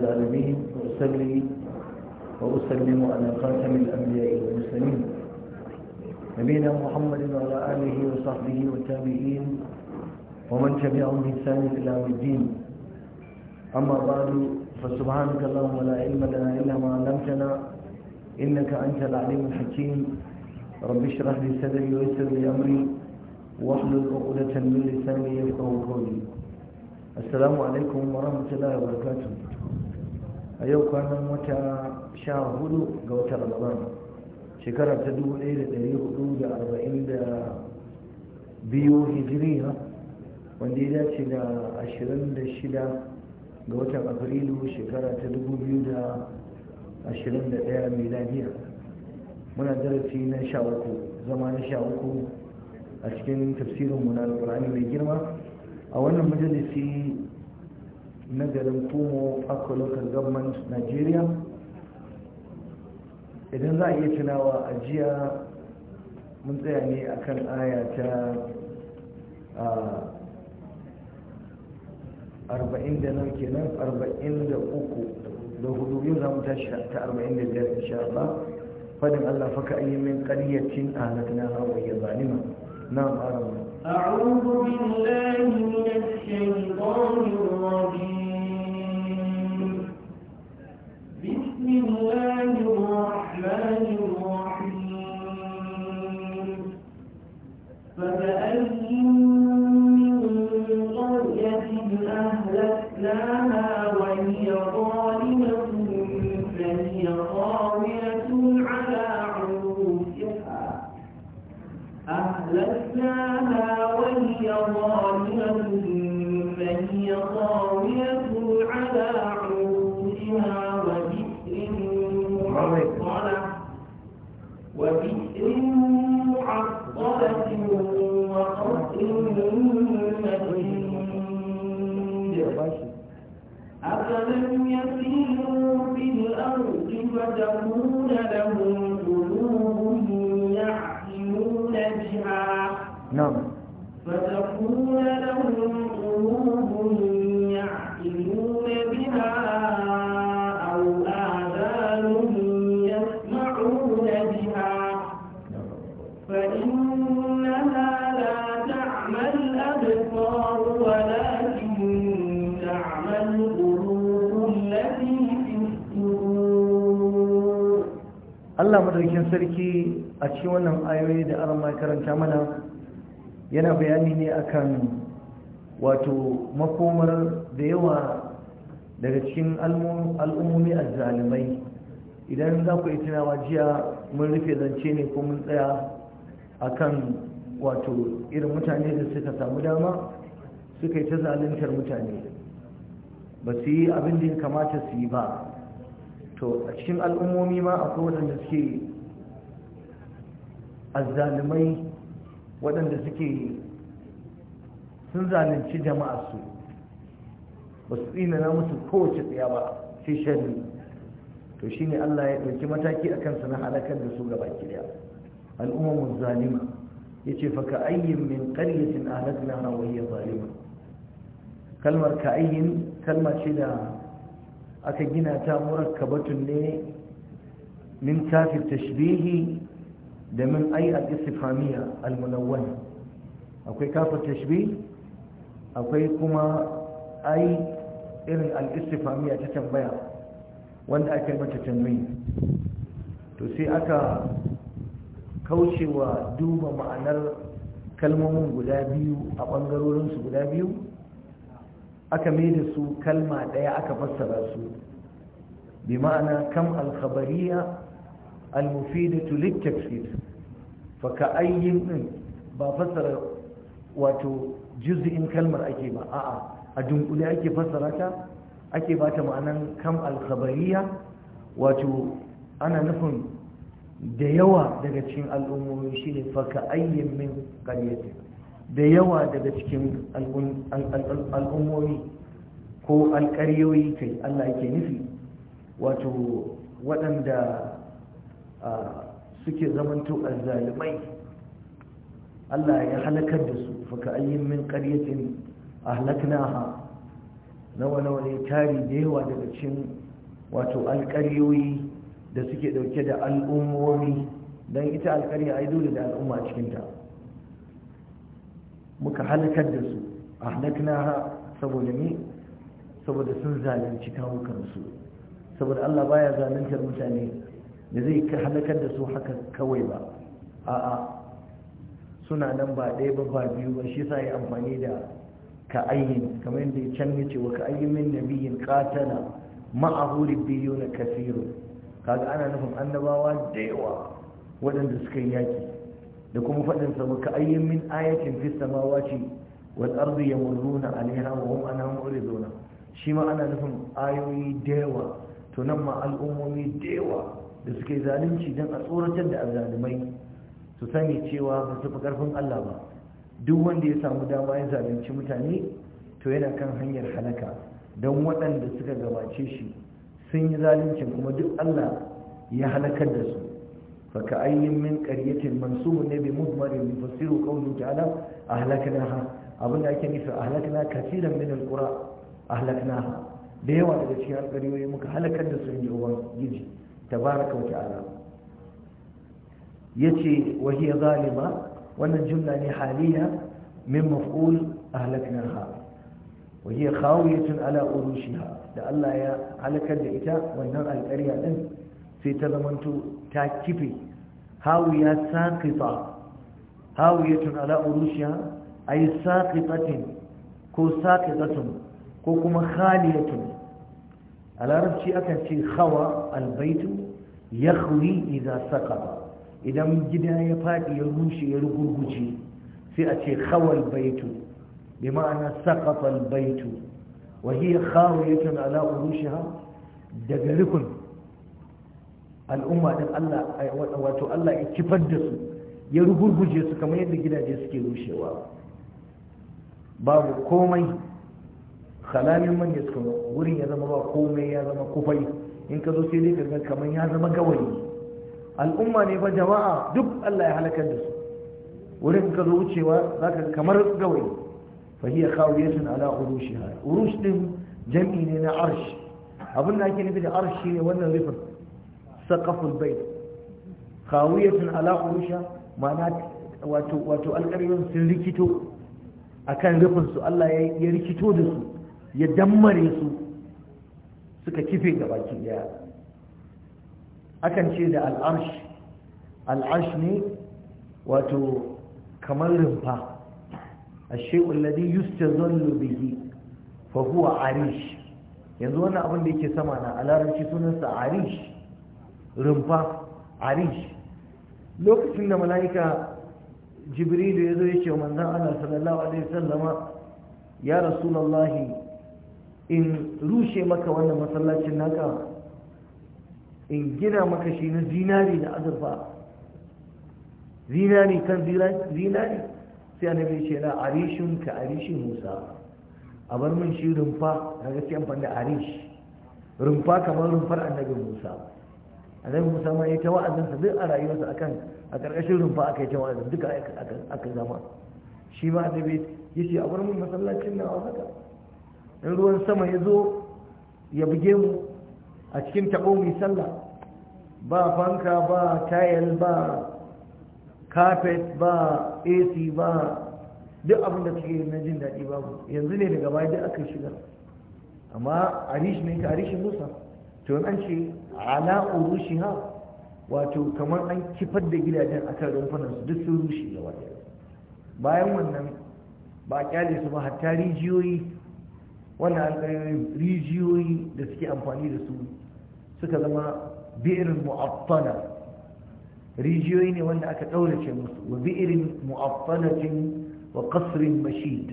العالمين وأسلم وأسلم على خاتم الأنبياء والمرسلين نبينا محمد وعلى آله وصحبه والتابعين ومن تبعهم بإحسان إلى يوم الدين أما بعد فسبحانك اللهم لا علم لنا إلا ما علمتنا إنك أنت العليم الحكيم رب اشرح لي صدري ويسر لي أمري واحلل عقدة من لساني يفقه قولي السلام عليكم ورحمة الله وبركاته a yau kwanan wata sha hudu ga wata ramadan shekara ta dubu ɗaya da ɗari hudu da arba'in da biyu hijiriya wanda ya dace da ashirin da shida ga watan afrilu shekara ta dubu biyu da ashirin da ɗaya miladiya muna darasi na sha uku zama na sha uku a cikin tafsirin mu na mai girma a wannan majalisi na garin kumo aka local government nigeria idan za a iya tunawa a jiya mun tsaya ne a kan aya ta 40 da nan kenan 43 da hudu yau za mu tashi ta 45 insha Allah fadin Allah faka ayi min qaryatin ahlaknaha wa hiya zalima na'am arama a'udhu billahi minash shaitanir rajim الله الرحمن الرحيم من قرية أهلكناها shi wannan ayoyi da arama karanta mana yana bayani ne akan wato makomar da yawa daga cikin al'ummomi a zalimai idan za ku yi tunawa jiya mun rufe zance ne ko mun tsaya akan wato irin mutane da suka samu dama suka yi ta zaluntar mutane ba su yi abin da ya kamata su yi ba to a cikin al'ummomi ma akwai waɗanda suke azzalumai waɗanda suke sun zalunci su. ba su tsinana musu kowace tsaya ba sai shari to shine Allah ya ɗauki mataki a kansa na halakar da su gaba kiriya al'ummar zalima ya ce fa ka'ayyin min ƙaryacin ahalakna hawaiyar zalima kalmar ka'ayyin kalma ce da aka gina ta murakkabatun ne min kafin tashbihi Damin ai al-istifhamiya al-munawwan akwai kafa tashbi? akwai kuma ai irin al-istifhamiya ta tambaya wanda aka mata tanwini to sai aka kaucewa duba ma'anar kalmomin guda biyu a bangarorin su guda biyu aka maida da su kalma daya aka fassara su bi ma'ana kam al-khabariya al-mufidatu lit-tafsir fa ka ayyin din ba fassara wato juz'in kalmar ake ba a'a a dunkule ake fassara ta ake ba ma'anan kam al-khabariya wato ana nufin da yawa daga cikin al'ummomi shine fa ka ayyin min qaryatin da yawa daga cikin al'ummomi ko alƙaryoyi kai Allah yake nufi wato waɗanda suke zamanto zalimai? Allah ya halakar da su faka ayyin min qaryatin ahlaknaha nawa nawa ne tari da yawa daga cikin wato alƙaryoyi da suke dauke da al'ummomi dan ita alƙarya ai dole da al'umma a cikin ta muka halakar da su ahlaknaha saboda ne saboda sun zalunci kawukansu saboda Allah baya zaluntar mutane da zai halakar da su haka kawai ba a'a suna nan ba ɗaya ba ba biyu ba shi sa ya amfani da ka'ayin, kamar yadda can ya ce wa ka'ayin min nabiyin qatala ma'ahu na kasirun kaga ana nufin annabawa da yawa waɗanda suka yi yaki da kuma faɗin sa wa ka'ayyin min ayatin fi samawati wal ardi yamurruna alaiha wa hum anha mu'riduna shi ma ana nufin ayoyi da yawa to nan ma al'ummomi da yawa da suke zalunci don a tsoratar da azalumai su sani cewa ba su fi karfin Allah ba duk wanda ya samu dama ya zalunci mutane to yana kan hanyar halaka don waɗanda suka gabace shi sun yi zaluncin kuma duk Allah ya halakar da su faka ayyin min qaryatin mansubun ne bi ala a qawluhu ha! Abin abinda ake nufi ƙura a min na ha! da yawa daga cikin alƙariyoyi muka halakar da su inji ubangiji tabaraka wa ta'ala yace wa hiya zalima wannan jumla ne haliya min maf'ul ahlaknaha wa hiya khawiyatun ala urushiha da Allah ya halakar da ita wannan alƙarya din sai ta zamanto ta kife hawiya saqita hawiyatun ala urushiha ay saqiqatin ko saqiqatun ko kuma khaliyatun a larabci akan ce hawa albaitu yakhwi idza saqata idan gida ya fadi ya rushe ya rugurguje sai a ce khawal baitu bi ma'ana saqata al baitu wa hiya khawiyatun ala urushiha daga rukun al'umma din Allah wato Allah ya kifar da su ya rugurguje su kamar yadda gidaje suke rushewa babu komai khalamin man yaskun wurin ya zama ba komai ya zama kufai in ka zo sai dai ka zan kamar ya zama gawayi al'umma ne ba jama'a duk Allah ya halakar da su wurin ka zo wucewa zaka kamar gawayi fa hiya khawiyatun ala urushiha urush din jam'i ne na arshi. abin da ake nufi da arshi ne wannan rufin saqaful bayt khawiyatun ala urusha ma'ana wato wato alƙaryon sun rikito akan rufin su Allah ya rikito da su ya dammare su suka kife ga baki daya akan ce da al'arsh al'arsh ne wato kamar rumfa ashe'ul ladhi yustazallu bihi fa huwa arish yanzu wannan abin da yake sama na alaranci sunansa arish rumfa arish lokacin da mala'ika jibrilu ya zo ya ce manzan Allah sallallahu alaihi wasallama ya rasulullahi in rushe maka wannan masallacin naka in gina maka shi na zinari da azurfa zinari kan zinari sai annabi ce na arishin ka arishin musa a bar min shi rumfa na gaske amfani da arish rumfa kamar rumfar annabi musa annabi musa ma ya ta wa'azinsa duk a rayuwarsa akan a ƙarƙashin rumfa aka yi ta wa'azin duka aka zama shi ma annabi ya ce a bar min masallacin na haka in ruwan sama ya zo ya buge mu a cikin taɓo mai sallah ba fanka ba tayal ba kafet ba ac ba duk abin da suke na jin daɗi babu yanzu ne daga baya duk aka shiga amma arish ne ka arish musa to an ce ala urushi ha? wato kamar an kifar da gidajen akan rumfunan su duk sun rushe gaba bayan wannan ba kyale su ba hatta rijiyoyi wannan alƙayoyin rijiyoyi da suke amfani da su suka zama bi'irin mu'affana rijiyoyi ne wanda aka ɗaurace musu wa bi'irin mu'affalatin wa kasrin mashid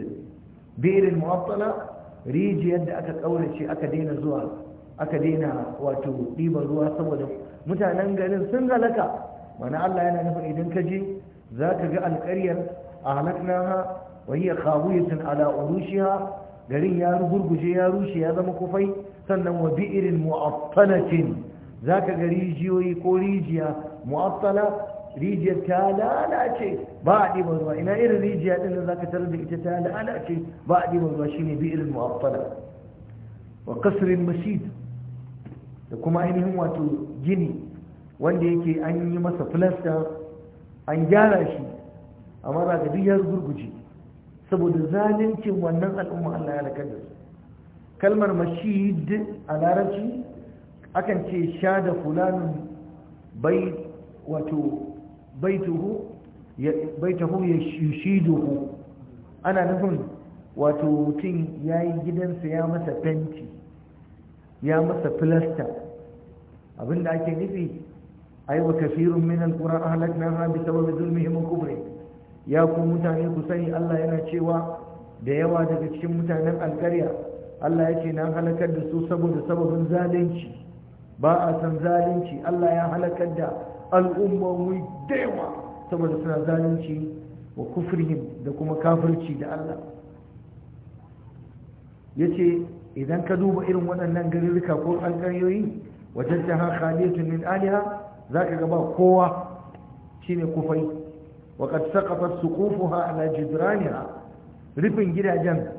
bi'irin mu'affana rijiyar da aka ɗaurace aka daina zuwa aka daina wato ɗiban ruwa saboda mutanen garin sun halaka mana Allah yana nufin idan ka je za ka ga alƙaryar a halaknaha wa hiya khawiyatun ala urushiha garin ya rugurguje ya rushe ya zama kufai sannan wa bi'irin mu'attalatin zaka ga rijiyoyi ko rijiya mu'attala rijiyar ta lalace ba a ɗiban ruwa ina irin rijiya ɗin da zaka tarar da ita ta lalace ba a ɗiban ruwa shine bi'irin mu'attala wa qasrin masjid da kuma ainihin wato gini wanda yake an yi masa filasta an gyara shi amma za duk ya rugurguje saboda zalincin wannan al'umma Allah ya halaka da su kalmar mashid a larabci akan ce sha da fulanin bai wato baituhu ya shiduhu ana nufin wato mutum ya yi gidansa ya masa fenti ya masa filasta abinda ake nufi yi wa kafirun min alquran ahlaknaha bi sababi zulmihim wa kufrihim ya ku mutane ku sani Allah yana cewa da yawa daga cikin mutanen alƙarya Allah ya ce na halakar da su saboda sababin zalunci ba a san zalunci Allah ya halakar da al'ummomi da yawa saboda suna zalunci wa kufrihim da kuma kafirci da Allah ya ce idan ka duba irin waɗannan garirka ko alƙaryoyi wajen ta ha khaliyatun min aliha za ka gaba kowa shine kufai وقد سقطت سقوفها على جدرانها rufin gidajen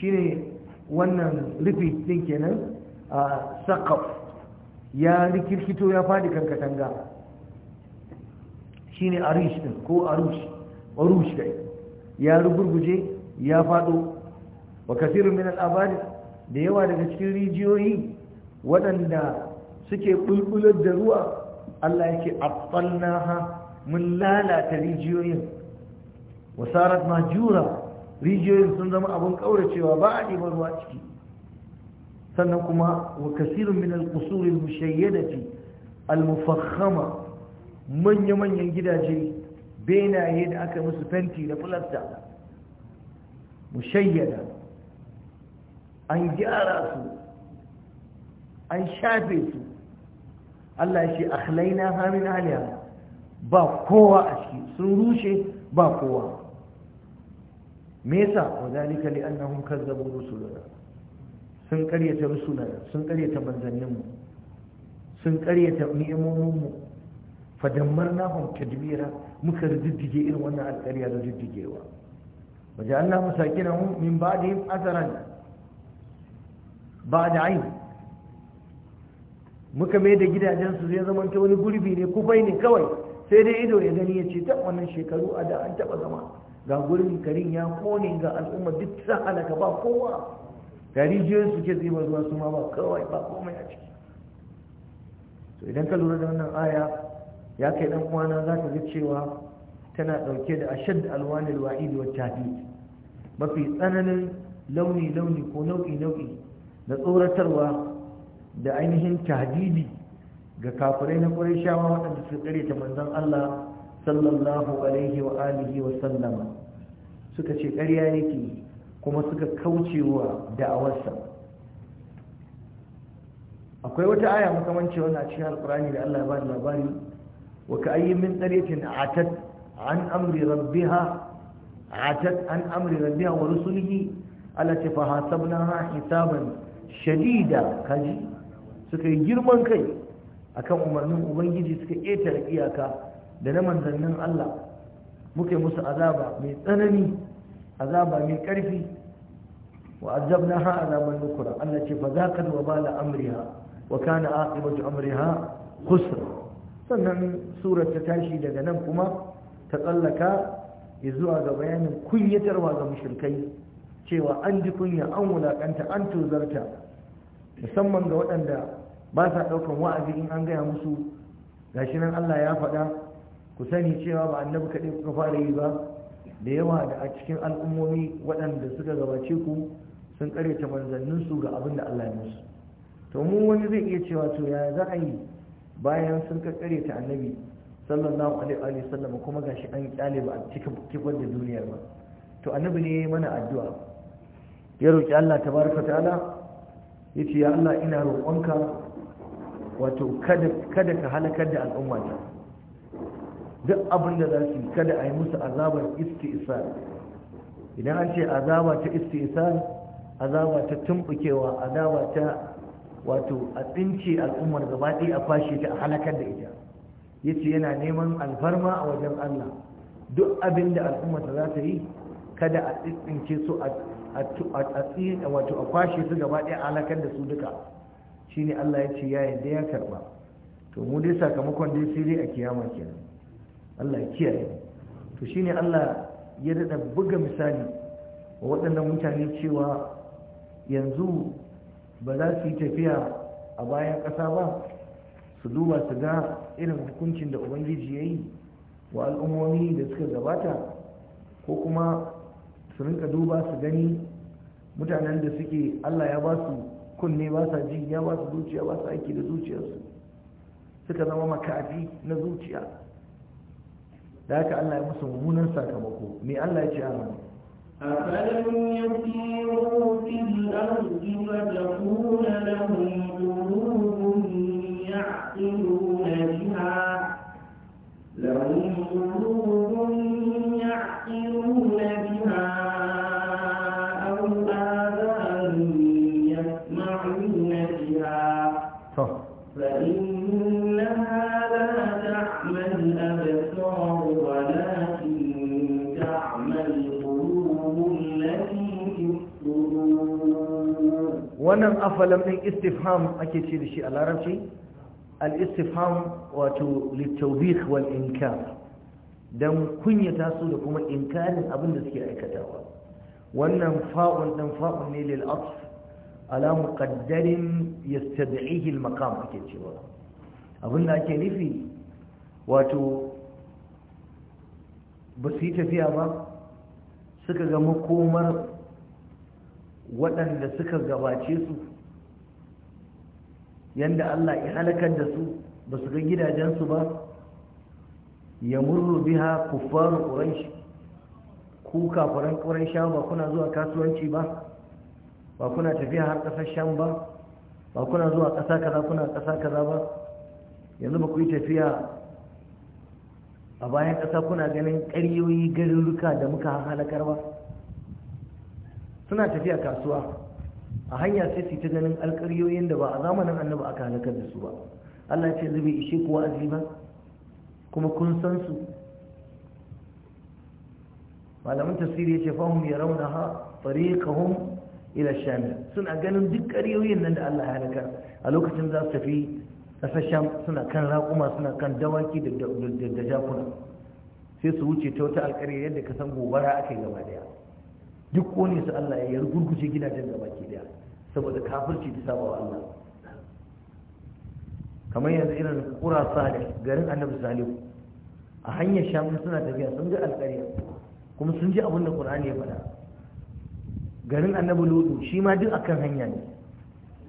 shine wannan rufi din kenan a sakaf ya rikirkito ya fadi kan katanga shine arish din ko arush arush dai ya rugurguje ya fado wa kasirin min al da yawa daga cikin rijiyoyi waɗanda suke bulbular da ruwa Allah yake ha! mun lalata rijiyoyin wasarar majura rijiyoyin sun zama abin kauracewa ba a ɗiban ruwa ciki sannan kuma wa kasirun min kusurin qusuril mushayyadati al manya-manyan gidaje benaye da aka musu fenti da fulasta mushayyada an gyara su an shafe su Allah ya ce akhlaina ha min ba kowa a ciki sun rushe ba kowa me yasa wa zalika li annahum kazzabu rusulana sun karyata rusulana sun karyata manzannin mu sun karyata ni'imomin mu fa hum tadbira muka riddige irin wannan alƙarya da riddigewa wa ja'alna hum min ba'dihim ba da 'ayn muka mai da su zai zamanta wani gurbi ne kufai ne kawai sai dai ido ya gani ya ce ta wannan shekaru a da an taba zama ga gurin garin ya kone ga al'umma duk ta halaka ba kowa ga rijiyoyin suke ke tsibar ruwa su ma ba kawai ba komai a ciki to idan ka lura da wannan aya ya kai dan uwana za ka ga cewa tana dauke da ashad alwanil wa'id wa tahdid mafi tsananin launi launi ko nau'i nau'i na tsoratarwa da ainihin tahdidi ga kafirai na Qurayshawa waɗanda suka ƙare ta manzan Allah sallallahu alaihi wa alihi wa sallama suka ce ƙarya yake kuma suka kaucewa da'awarsa akwai wata aya makamanci wannan a cikin alkurani da Allah ya bada labari wa ka ayi min qaryatin atat an amri rabbiha atat an amri rabbiha wa rusulihi allati fahasabnaha hisaban shadida kaji suka yi girman kai akan umarnin ubangiji suka ƙetare iyaka da na manzannin Allah muke musu azaba mai tsanani azaba mai ƙarfi wa azabna ha azaban nukura Allah ce fa zaqad wa bala amriha wa kana aqibatu amriha khusra sannan surar ta tashi daga nan kuma ta tsallaka ya zuwa ga bayanin kunyatarwa ga mushrikai cewa an ji kunya an wulakanta an tozarta musamman ga waɗanda ba sa ɗaukan wa'azi in an gaya musu gashi nan Allah ya faɗa ku sani cewa ba annabi kaɗai kuka fara yi ba da yawa da a cikin al'ummomi waɗanda suka gabace ku sun ƙaryata manzanninsu ga abin da Allah ya musu to mu wani zai iya cewa to ya za a yi bayan sun ƙaryata annabi sallallahu alaihi wa sallam kuma gashi an kyale ba a cikin kibar da duniyar ba to annabi ne mana addu'a ya roki Allah tabaraka ta'ala yace ya Allah ina roƙonka wato kada ka halakar da al'umma ta duk abin da za su kada a yi musu azabar isar. idan an ce azaba ta isar, azaba ta tumbukewa azaba ta wato a tsince al'ummar gabaɗi a fashe ta a halakar da ita yace yana neman alfarma a wajen Allah duk abin da al'umma ta za ta yi kada a tsince su a wato a kwashe su gabaɗi a halakar da su duka shine Allah ya ce ya yadda ya karba to mu dai sakamakon dai sai dai a kiyama kenan Allah kiyaye to shine Allah ya dada buga misali wa waɗannan mutane cewa yanzu ba za su yi tafiya a bayan ƙasa ba su duba su ga irin hukuncin da ubangiji ya yi wa al'ummomi da suka gabata ko kuma su rinka duba su gani mutanen da suke allah ya ba su kunne ba sa ji ya ba su zuciya ba su aiki da zuciyarsu suka zama makafi na zuciya da haka Allah ya musu mummunan sakamako me Allah ya ce a nan أفلم يسيروا في الأرض فتكون لهم قلوب يعقلون فإنها لا تعمى الأبصار ولكن تعمى القلوب التي في wannan afalam din istifham ake ce da shi a larabci al-istifham wato litawbih wal inkar dan kunyata su da kuma inkarin abin da suke aikatawa wannan fa'un dan fa'un ne lil'atf ala muqaddarin yastad'ihi al-maqam ake cewa da ake nufi wato ba yi tafiya ba suka ga makomar waɗanda suka gabace su yanda Allah ya halakar da su ba su ga gidajensu ba ya murru biha kuffaru quraish ku kafaran quraisha ba kuna zuwa kasuwanci ba ba kuna tafiya har kasar sham ba ba kuna zuwa ƙasa kaza kuna ƙasa kaza ba yanzu ba ku yi tafiya a bayan ƙasa kuna ganin ƙaryoyi garuruka da muka halakar ba suna tafiya kasuwa a hanya sai su ta ganin alƙaryoyin da ba a zamanin annaba aka halakar da su ba Allah ce zubi ishe kuwa wa'azi ba kuma kun san su malamin tafsiri ya ce fahim ya rauna ha fariqahum ila shamil suna ganin duk ƙaryoyin nan da Allah ya halaka a lokacin za su tafi ƙasar sham suna kan raƙuma suna kan dawaki da jakuna sai su wuce ta wata alƙarya yadda ka san gobara aka yi gaba daya duk kone su Allah ya rugurguje gidajen gaba ke daya saboda kafirci da sabawa Allah kamar yanzu irin kura sale garin annabi salihu a hanyar sham suna tafiya sun ga alƙarya kuma sun ji abin da qur'ani ya faɗa garin annabi lutu shi ma duk akan hanya ne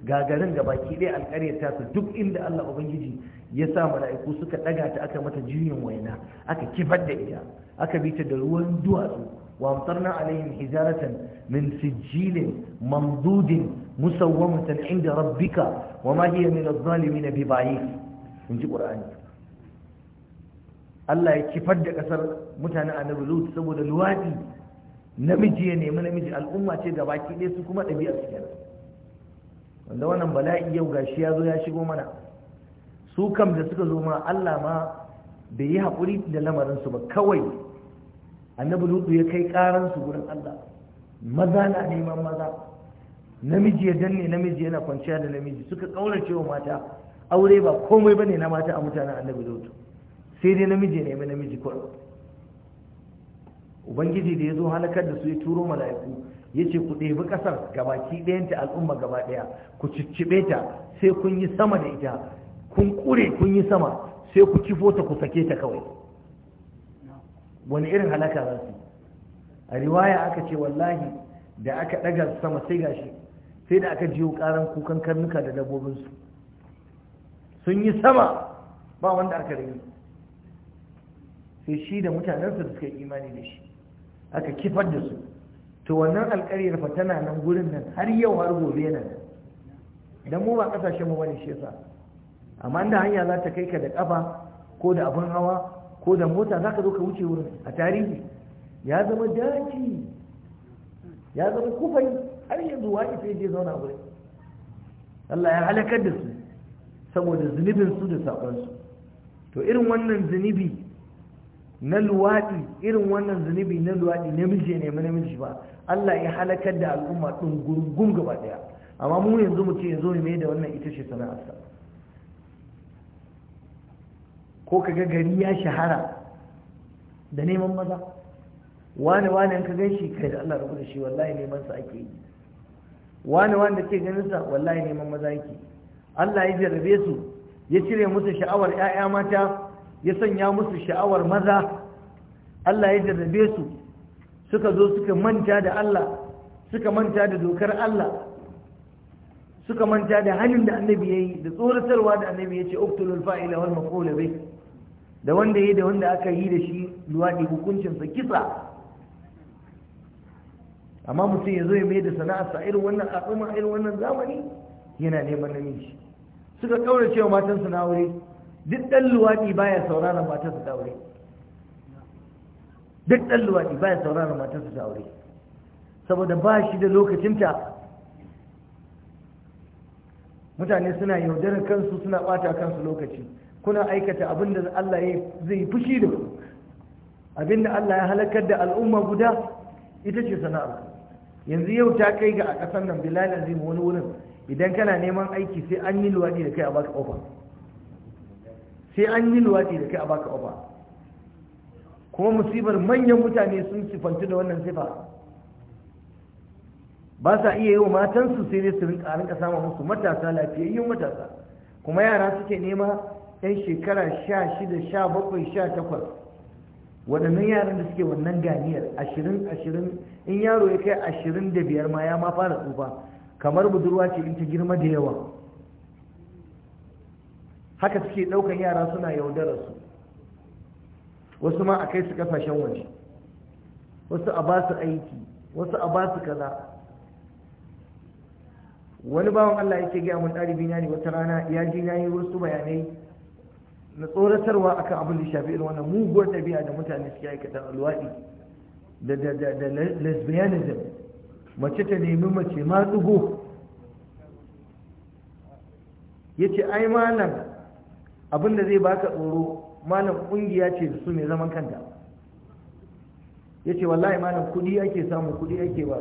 ga garin ga baki ɗaya alƙaryar ta duk inda Allah ubangiji ya sa mala'iku suka ɗaga ta aka mata juyin waina aka kifar da ita aka bi ta da ruwan duwatsu wa amtarna alaihim hijaratan min sijilin mamdudin musawwamatan inda rabbika wa ma hiya min adh-dhalimin bi ba'id in ji qur'ani Allah ya kifar da kasar mutanen annabi lut saboda luwadi namiji ya nemi namiji al'umma ce da baki ɗaya su kuma ɗabi'a su kenan wanda wannan bala'i yau gashi ya zo ya shigo mana su kam da suka zo ma Allah ma bai yi haƙuri da lamarinsu ba kawai annabi lutu ya kai ƙaransu gurin Allah maza na neman maza namiji ya danne namiji yana kwanciya da namiji suka ƙaurace wa mata aure ba komai bane na mata a mutanen annabi lutu sai dai namiji ya nemi namiji kawai ubangiji da ya zo halakar da su ya turo mala'iku ya ce ku ɗebi ƙasar gabaki ɗayanta al'umma gaba ɗaya ku cicciɓe ta sai kun yi sama da ita kun ƙure kun yi sama sai ku kifo ta ku sake ta kawai wani irin halaka za su a riwaya aka ce wallahi da aka ɗaga sama sai gashi sai da aka jiyo ƙaran kukan karnuka da dabbobinsu sun yi sama ba wanda aka rage sai shi da mutanensa da suka yi imani da shi aka kifar da su to wannan alƙaryar fa tana nan gurin nan har yau har gobe nan Idan mu ba kasashen mu bane shi yasa amma inda hanya za ta kai ka da kafa ko da abin hawa ko da mota za ka zo ka wuce wurin a tarihi ya zama daji ya zama kufai har yanzu wa ife je zauna gurin. Allah ya halakar da su saboda zunubin su da su, to irin wannan zunubi na luwaɗi irin wannan zunubi na luwaɗi namiji ne mu namiji ba Allah ya halakar da al'umma ɗin gurgun gaba ɗaya amma mu yanzu mu ce yanzu ne da wannan ita ce sana'arsa ko kaga gari ya shahara da neman maza wani wani ka gan shi kai da Allah rabu da shi wallahi neman sa ake yi wani wani da ke ganin sa wallahi neman maza yake Allah ya jarrabe su ya cire musu sha'awar 'ya'ya mata ya sanya musu sha'awar maza Allah ya jarrabe su suka zo suka manta da Allah suka manta da dokar Allah suka manta da hannun da annabi ya yi da tsoratarwa da annabi ya ce uktulul fa'ila wal maqula bih da wanda yi da wanda aka yi da shi luwaɗi hukuncinsa kisa amma mutum ya zo ya mai da sana'a sa irin wannan al'umma irin wannan zamani yana neman namiji suka kaura cewa matan sana'aure duk ɗan luwaɗi baya sauraron matarsa ta aure duk ɗan luwaɗi baya sauraron matarsa ta aure saboda ba shi da lokacinta mutane suna yaudarar kansu suna ɓata kansu lokaci kuna aikata abin da Allah zai fushi da ku abin da Allah ya halakar da al'umma guda ita ce sana'a yanzu yau ta kai ga a ƙasar nan bilal azim wani wurin idan kana neman aiki sai an yi luwaɗi da kai a baka ƙofa sai an yi luwaɗi da kai a baka ofa kuma musibar manyan mutane sun sifantu da wannan sifa ba sa iya yi wa matansu sai dai su rinka rinka sama musu matasa lafiyayyun matasa kuma yara suke nema yan shekara sha shida sha bakwai sha takwas waɗannan yaran da suke wannan ganiyar ashirin ashirin in yaro ya kai ashirin da biyar ma ya ma fara tsufa kamar budurwa ce in ta girma da yawa haka suke ɗaukar yara suna yaudarar su wasu ma a kai su kafashen waje wasu a ba su aiki wasu a ba su kaza wani bawan Allah yake gaya mun ɗalibi ne wata rana ya ji na wasu bayanai na tsoratarwa akan abin da shafi irin wannan muguwar ɗabi'a da mutane suke aikata alwaɗi da lesbianism mace ta nemi mace ma tsugo ya ce ai malam abin da zai baka tsoro malam kungiya ce da su mai zaman kanta yace ce wallahi malam kudi ake samu kudi ake ba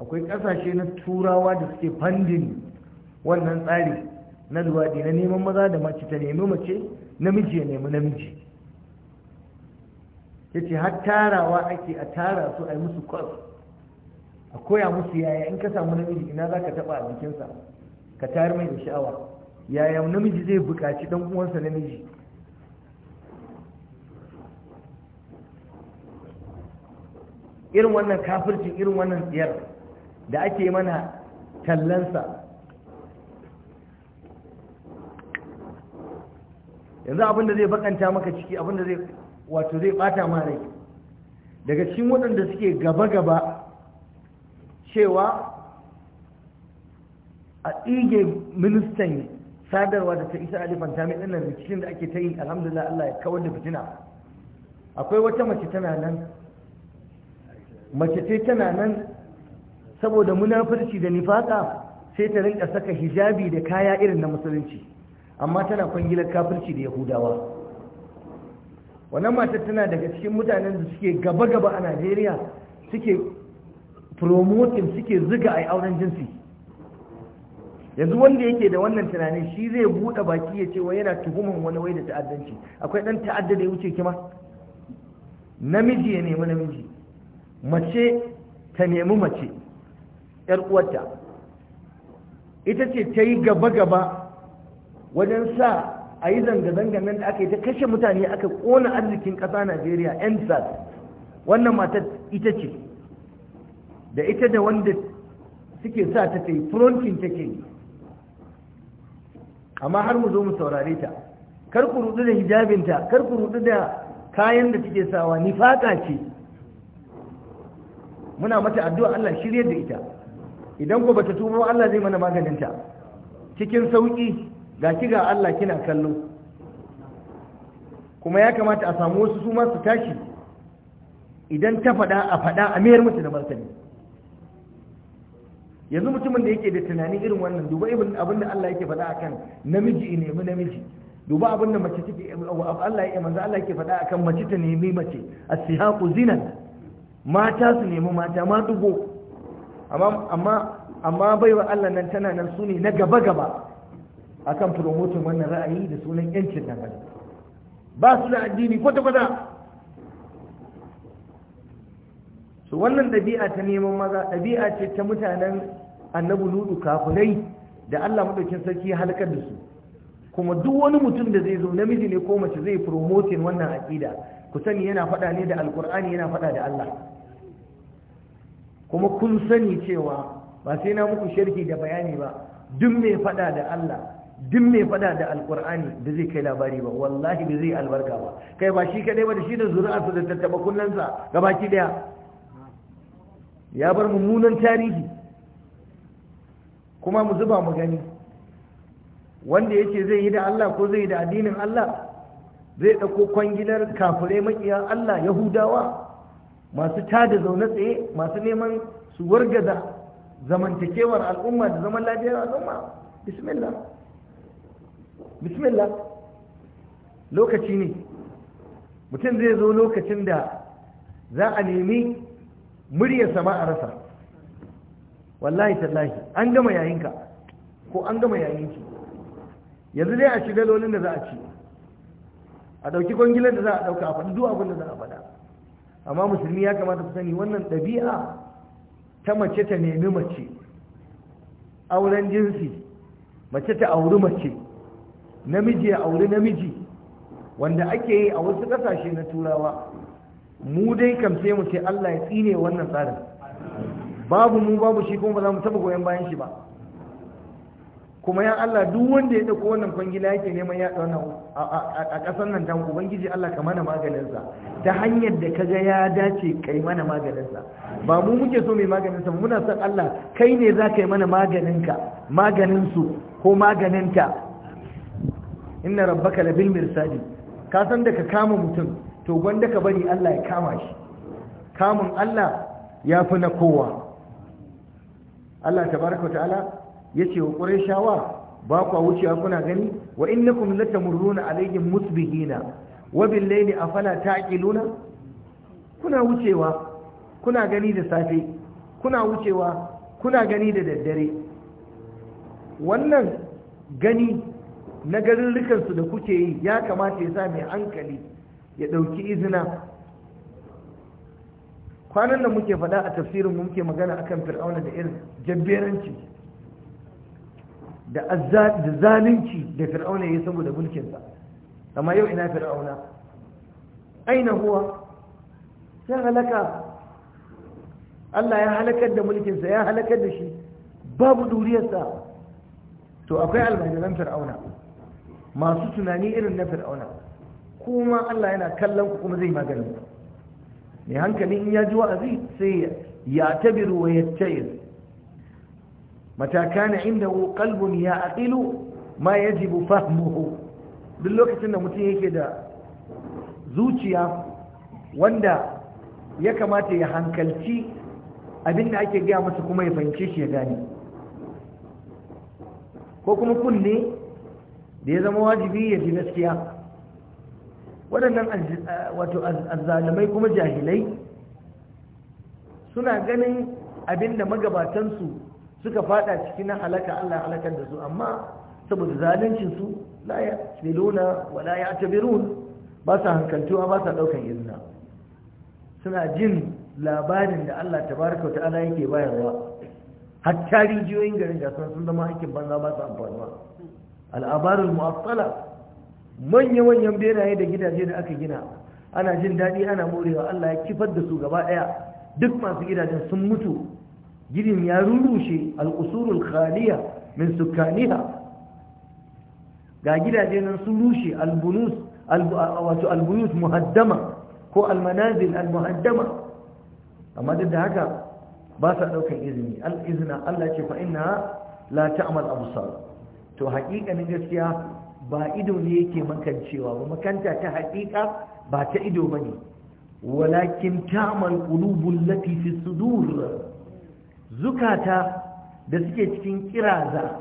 akwai kasashe na turawa da suke fandin wannan tsari na luwaɗi na neman maza da mace ta nemi mace namiji ya nemi namiji ya har tarawa ake a tara su a yi musu kwas a koya musu yaya in ka samu namiji ina za ka taɓa a jikinsa ka tayar mai da sha'awa yaya namiji zai buƙaci dan uwansa namiji irin wannan kafircin irin wannan tsiyar da ake mana tallansa yanzu abinda zai bakanta maka ciki abinda zai wato zai bata ma rai daga cikin waɗanda suke gaba-gaba cewa a tsige ministan sadarwa da ta isa alifan ta min nan rikicin da ake ta yi alhamdulillah Allah ya kawar da fitina akwai wata mace tana nan mace ce tana nan saboda munafurci da nifaka sai ta rinka saka hijabi da kaya irin na musulunci amma tana kwangilar kafirci da yahudawa wannan matar tana daga cikin mutanen da suke gaba-gaba a najeriya suke promoting suke ziga a yi auren jinsi yanzu wanda yake da wannan tunanin shi zai buɗe baki ya ce wai yana tuhuman wani wai da ta'addanci akwai dan ta'adda da ya wuce kima namiji ya nemi namiji mace ta nemi mace yar uwarta ita ce ta yi gaba-gaba wajen sa a yi zanga zanga nan da aka yi ta kashe mutane aka kona arzikin ƙasa najeriya ensas wannan matar ita ce da ita da wanda suke sa ta ta yi frontin take yi amma har mu zo mu saurare ta kar ku rudu da hijabinta kar ku rudu da kayan da take sawa nifaka ce muna mata addu'a Allah shirye da ita idan ko bata tuba Allah zai mana maganinta cikin sauki ga ki ga Allah kina kallo kuma ya kamata a samu wasu su ma su tashi idan ta faɗa a faɗa a mayar musu da martani yanzu mutumin da yake da tunani irin wannan duba ibn abinda Allah yake faɗa akan namiji ne mu namiji duba abinda mace take Allah yake manzo Allah yake faɗa akan mace ta nemi mace as-sihaqu zinan mata su nemi mata ma dubo amma amma amma baiwa Allah nan tana nan su ne na gaba gaba akan promoting wannan ra'ayi da sunan yancin dan ba su da addini kwata kwata su wannan ɗabi'a ta neman maza ɗabi'a ce ta mutanen annabu ludu kafirai da Allah madaukin sarki halakar da su kuma duk wani mutum da zai zo namiji ne ko mace zai promoting wannan aqida ku sani yana faɗa ne da alkur'ani yana faɗa da Allah kuma kun sani cewa ba sai na muku sharhi da bayani ba duk mai faɗa da Allah duk mai faɗa da alkur'ani da zai kai labari ba wallahi ba zai albarka ba kai ba shi kadai ba da shi da su da tattaba kunnansa gabaki daya ya bar mummunan tarihi kuma mu zuba mu gani wanda ya ce zai yi da Allah ko zai yi da addinin Allah zai ɗauko kwangilar kafirai makiya Allah yahudawa masu tada zaune tsaye masu neman su wargaza zamantakewar al'umma da zaman lafiyar al'umma bismillah bismillah lokaci ne mutum zai zo lokacin da za a nemi muryarsa ma a rasa wallahi tallahi an gama yayinka ko an gama yayinki yanzu dai a ci dalolin da za a ci a ɗauki kwangilar da za a ɗauka a faɗi duk abin da za a faɗa amma musulmi ya kamata ku sani wannan ɗabi'a ta mace ta nemi mace auren jinsi mace ta auri mace namiji ya auri namiji wanda ake yi a wasu ƙasashe na turawa mu dai kam sai mu ce Allah ya tsine wannan tsarin babu mu babu shi kuma ba za mu taba goyon bayan shi ba kuma ya Allah duk wanda ya dauko wannan kwangila yake neman ya da wannan a kasar nan tan ubangiji Allah ka mana maganin sa ta hanyar da ka kaga ya dace kai mana maganin sa ba mu muke so mai maganin sa muna son Allah kai ne za ka yi mana maganin ka maganin su ko maganin ta inna rabbaka labil mirsadi ka san da ka kama mutum to gwanda ka bari Allah ya kama shi kamun Allah ya fi na kowa Allah baraka wa ta'ala ya ce wa shawa ba ku wucewa kuna gani wa innakum latamurruna alayhim musbihina wa bil ta afala taqiluna kuna wucewa kuna gani da safe kuna wucewa kuna gani da daddare wannan gani na garin da kuke yi ya kamata ya sa mai hankali ya ɗauki izina kwanan da muke faɗa a tafsirin muke magana akan fir'auna da irin jabberanci da zalunci da fir'auna ya yi saboda mulkinsa amma yau ina fir'auna aina huwa ya halaka Allah ya halakar da mulkinsa ya halakar da shi babu duriyarsa to akwai almajiran fir'auna masu tunani irin na fir'auna kuma Allah yana kallon ku kuma zai maganin mai hankali in ya ji wa'azi sai ya tabiru wa ya tayir mataka na inda kalbun ya aqilu ma yajibu fahmuhu duk lokacin da mutum yake da zuciya wanda ya kamata ya hankalci abinda ake gaya masa kuma ya fahimce shi ya gane ko kuma kunne da ya zama wajibi ya ji gaskiya waɗannan wato azzalumai kuma jahilai suna ganin abinda magabatansu suka fada ciki na halaka Allah halakar da su amma saboda zalincinsu la ya tsiluna wa la ya ba sa hankaltuwa ba sa daukan izina suna jin labarin da Allah tabaraka wa ta'ala yake bayarwa hatta rijiyoyin garin gasar sun zama aikin banza ba su amfanuwa al'abarul mu'assala manya-manyan benaye da gidaje da aka gina ana jin daɗi ana morewa Allah ya kifar da su gaba ɗaya duk masu gidajen sun mutu ginin ya rurushe al'usurul khaliya min sukkaniha ga gidaje nan sun rushe albunus wato albunus muhaddama ko almanazil almuhaddama amma duk da haka ba sa ɗaukar izini al'izina Allah ce fa inna la ta'amal abusar to haƙiƙanin gaskiya ba ido ne yake makancewa ba makanta ta haƙiƙa ba ta ido ba ne walakin tamal ƙulubun lati sudur zukata da suke cikin kiraza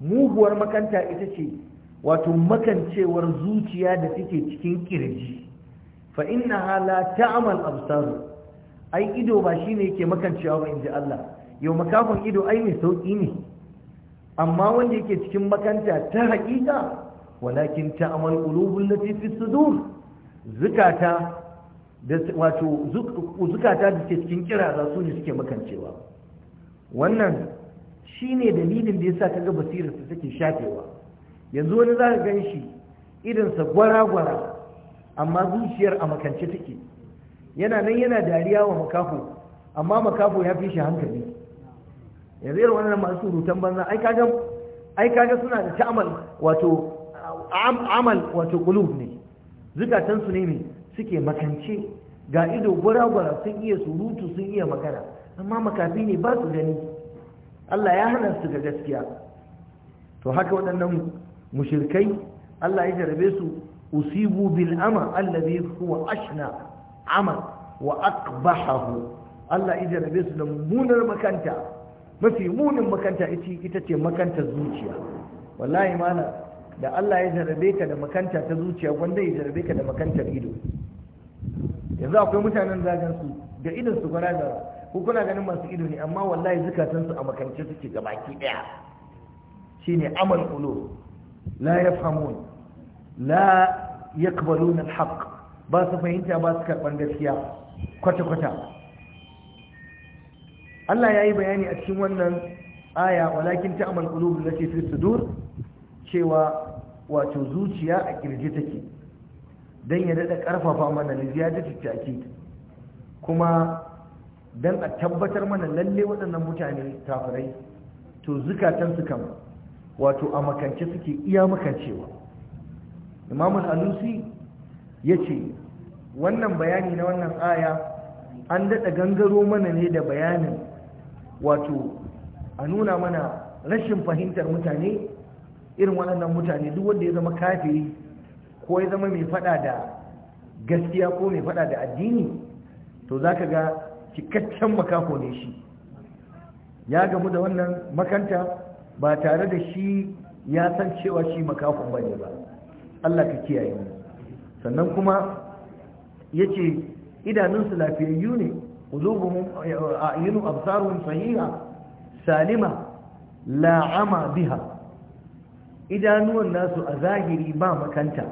muguwar makanta ita ce wato makancewar zuciya da suke cikin kirji fa hala ta amal absar ai ido ba shine yake makancewa ba ji Allah yau makafin ido ai mai sauƙi ne amma wanda yake cikin makanta ta haƙiƙa walakin amal qulubul lati fi sudur zukata da wato da ke cikin kira su ne suke makancewa wannan shine dalilin da ya yasa kaga basirar su take shafewa yanzu wani za ka gan shi irinsa gwara-gwara amma zuciyar a makance take yana nan yana dariya wa makafo amma makafo ya fi shi hankali yanzu irin wannan masu rutan banza ai kaga suna da ta'amal wato amal wato kulub ne zukatan ne ne suke makance ga ido gwaragwara sun iya surutu sun iya magana amma makafi ne ba su gani Allah ya hana su ga gaskiya to haka waɗannan mushirkai Allah ya jarabe su usibu bil ama allazi huwa ashna ama wa aqbahahu Allah ya jarabe su da munar makanta mafi munin makanta ita ce makantar zuciya wallahi malam da Allah ya jarabe ka da makanta ta zuciya wanda ya jarabe ka da makantar ido yanzu akwai mutanen zagan su da idon su gwara da ko kuna ganin masu ido ne amma wallahi zukatan su a makance suke gabaki daya shine amal qulub la yafhamun la yaqbalun alhaq ba su fahimta ba su karban gaskiya kwata kwata Allah ya yi bayani a cikin wannan aya walakin ta qulub allati fi sudur cewa wato zuciya a kirji take don ya daɗa ƙarfafa mana na ziyadatar take kuma don a tabbatar mana lalle waɗannan mutane kafirai to zukatansu kama wato a makance suke iya makancewa imamun alusi ya ce wannan bayani na wannan aya an daɗa gangaro mana ne da bayanin wato a nuna mana rashin fahimtar mutane irin waɗannan mutane duk wanda ya zama kafiri ko ya zama mai faɗa da gaskiya ko mai faɗa da addini to za ka ga cikakken makako ne shi ya gamu da wannan makanta ba tare da shi ya san cewa shi makakon ba ne ba Allah ka kiyaye mu sannan kuma ya ce idanunsu lafiyayyu ne a ayinu absaruhum sahiha salima la'ama biha idanuwan nasu a zahiri ba makanta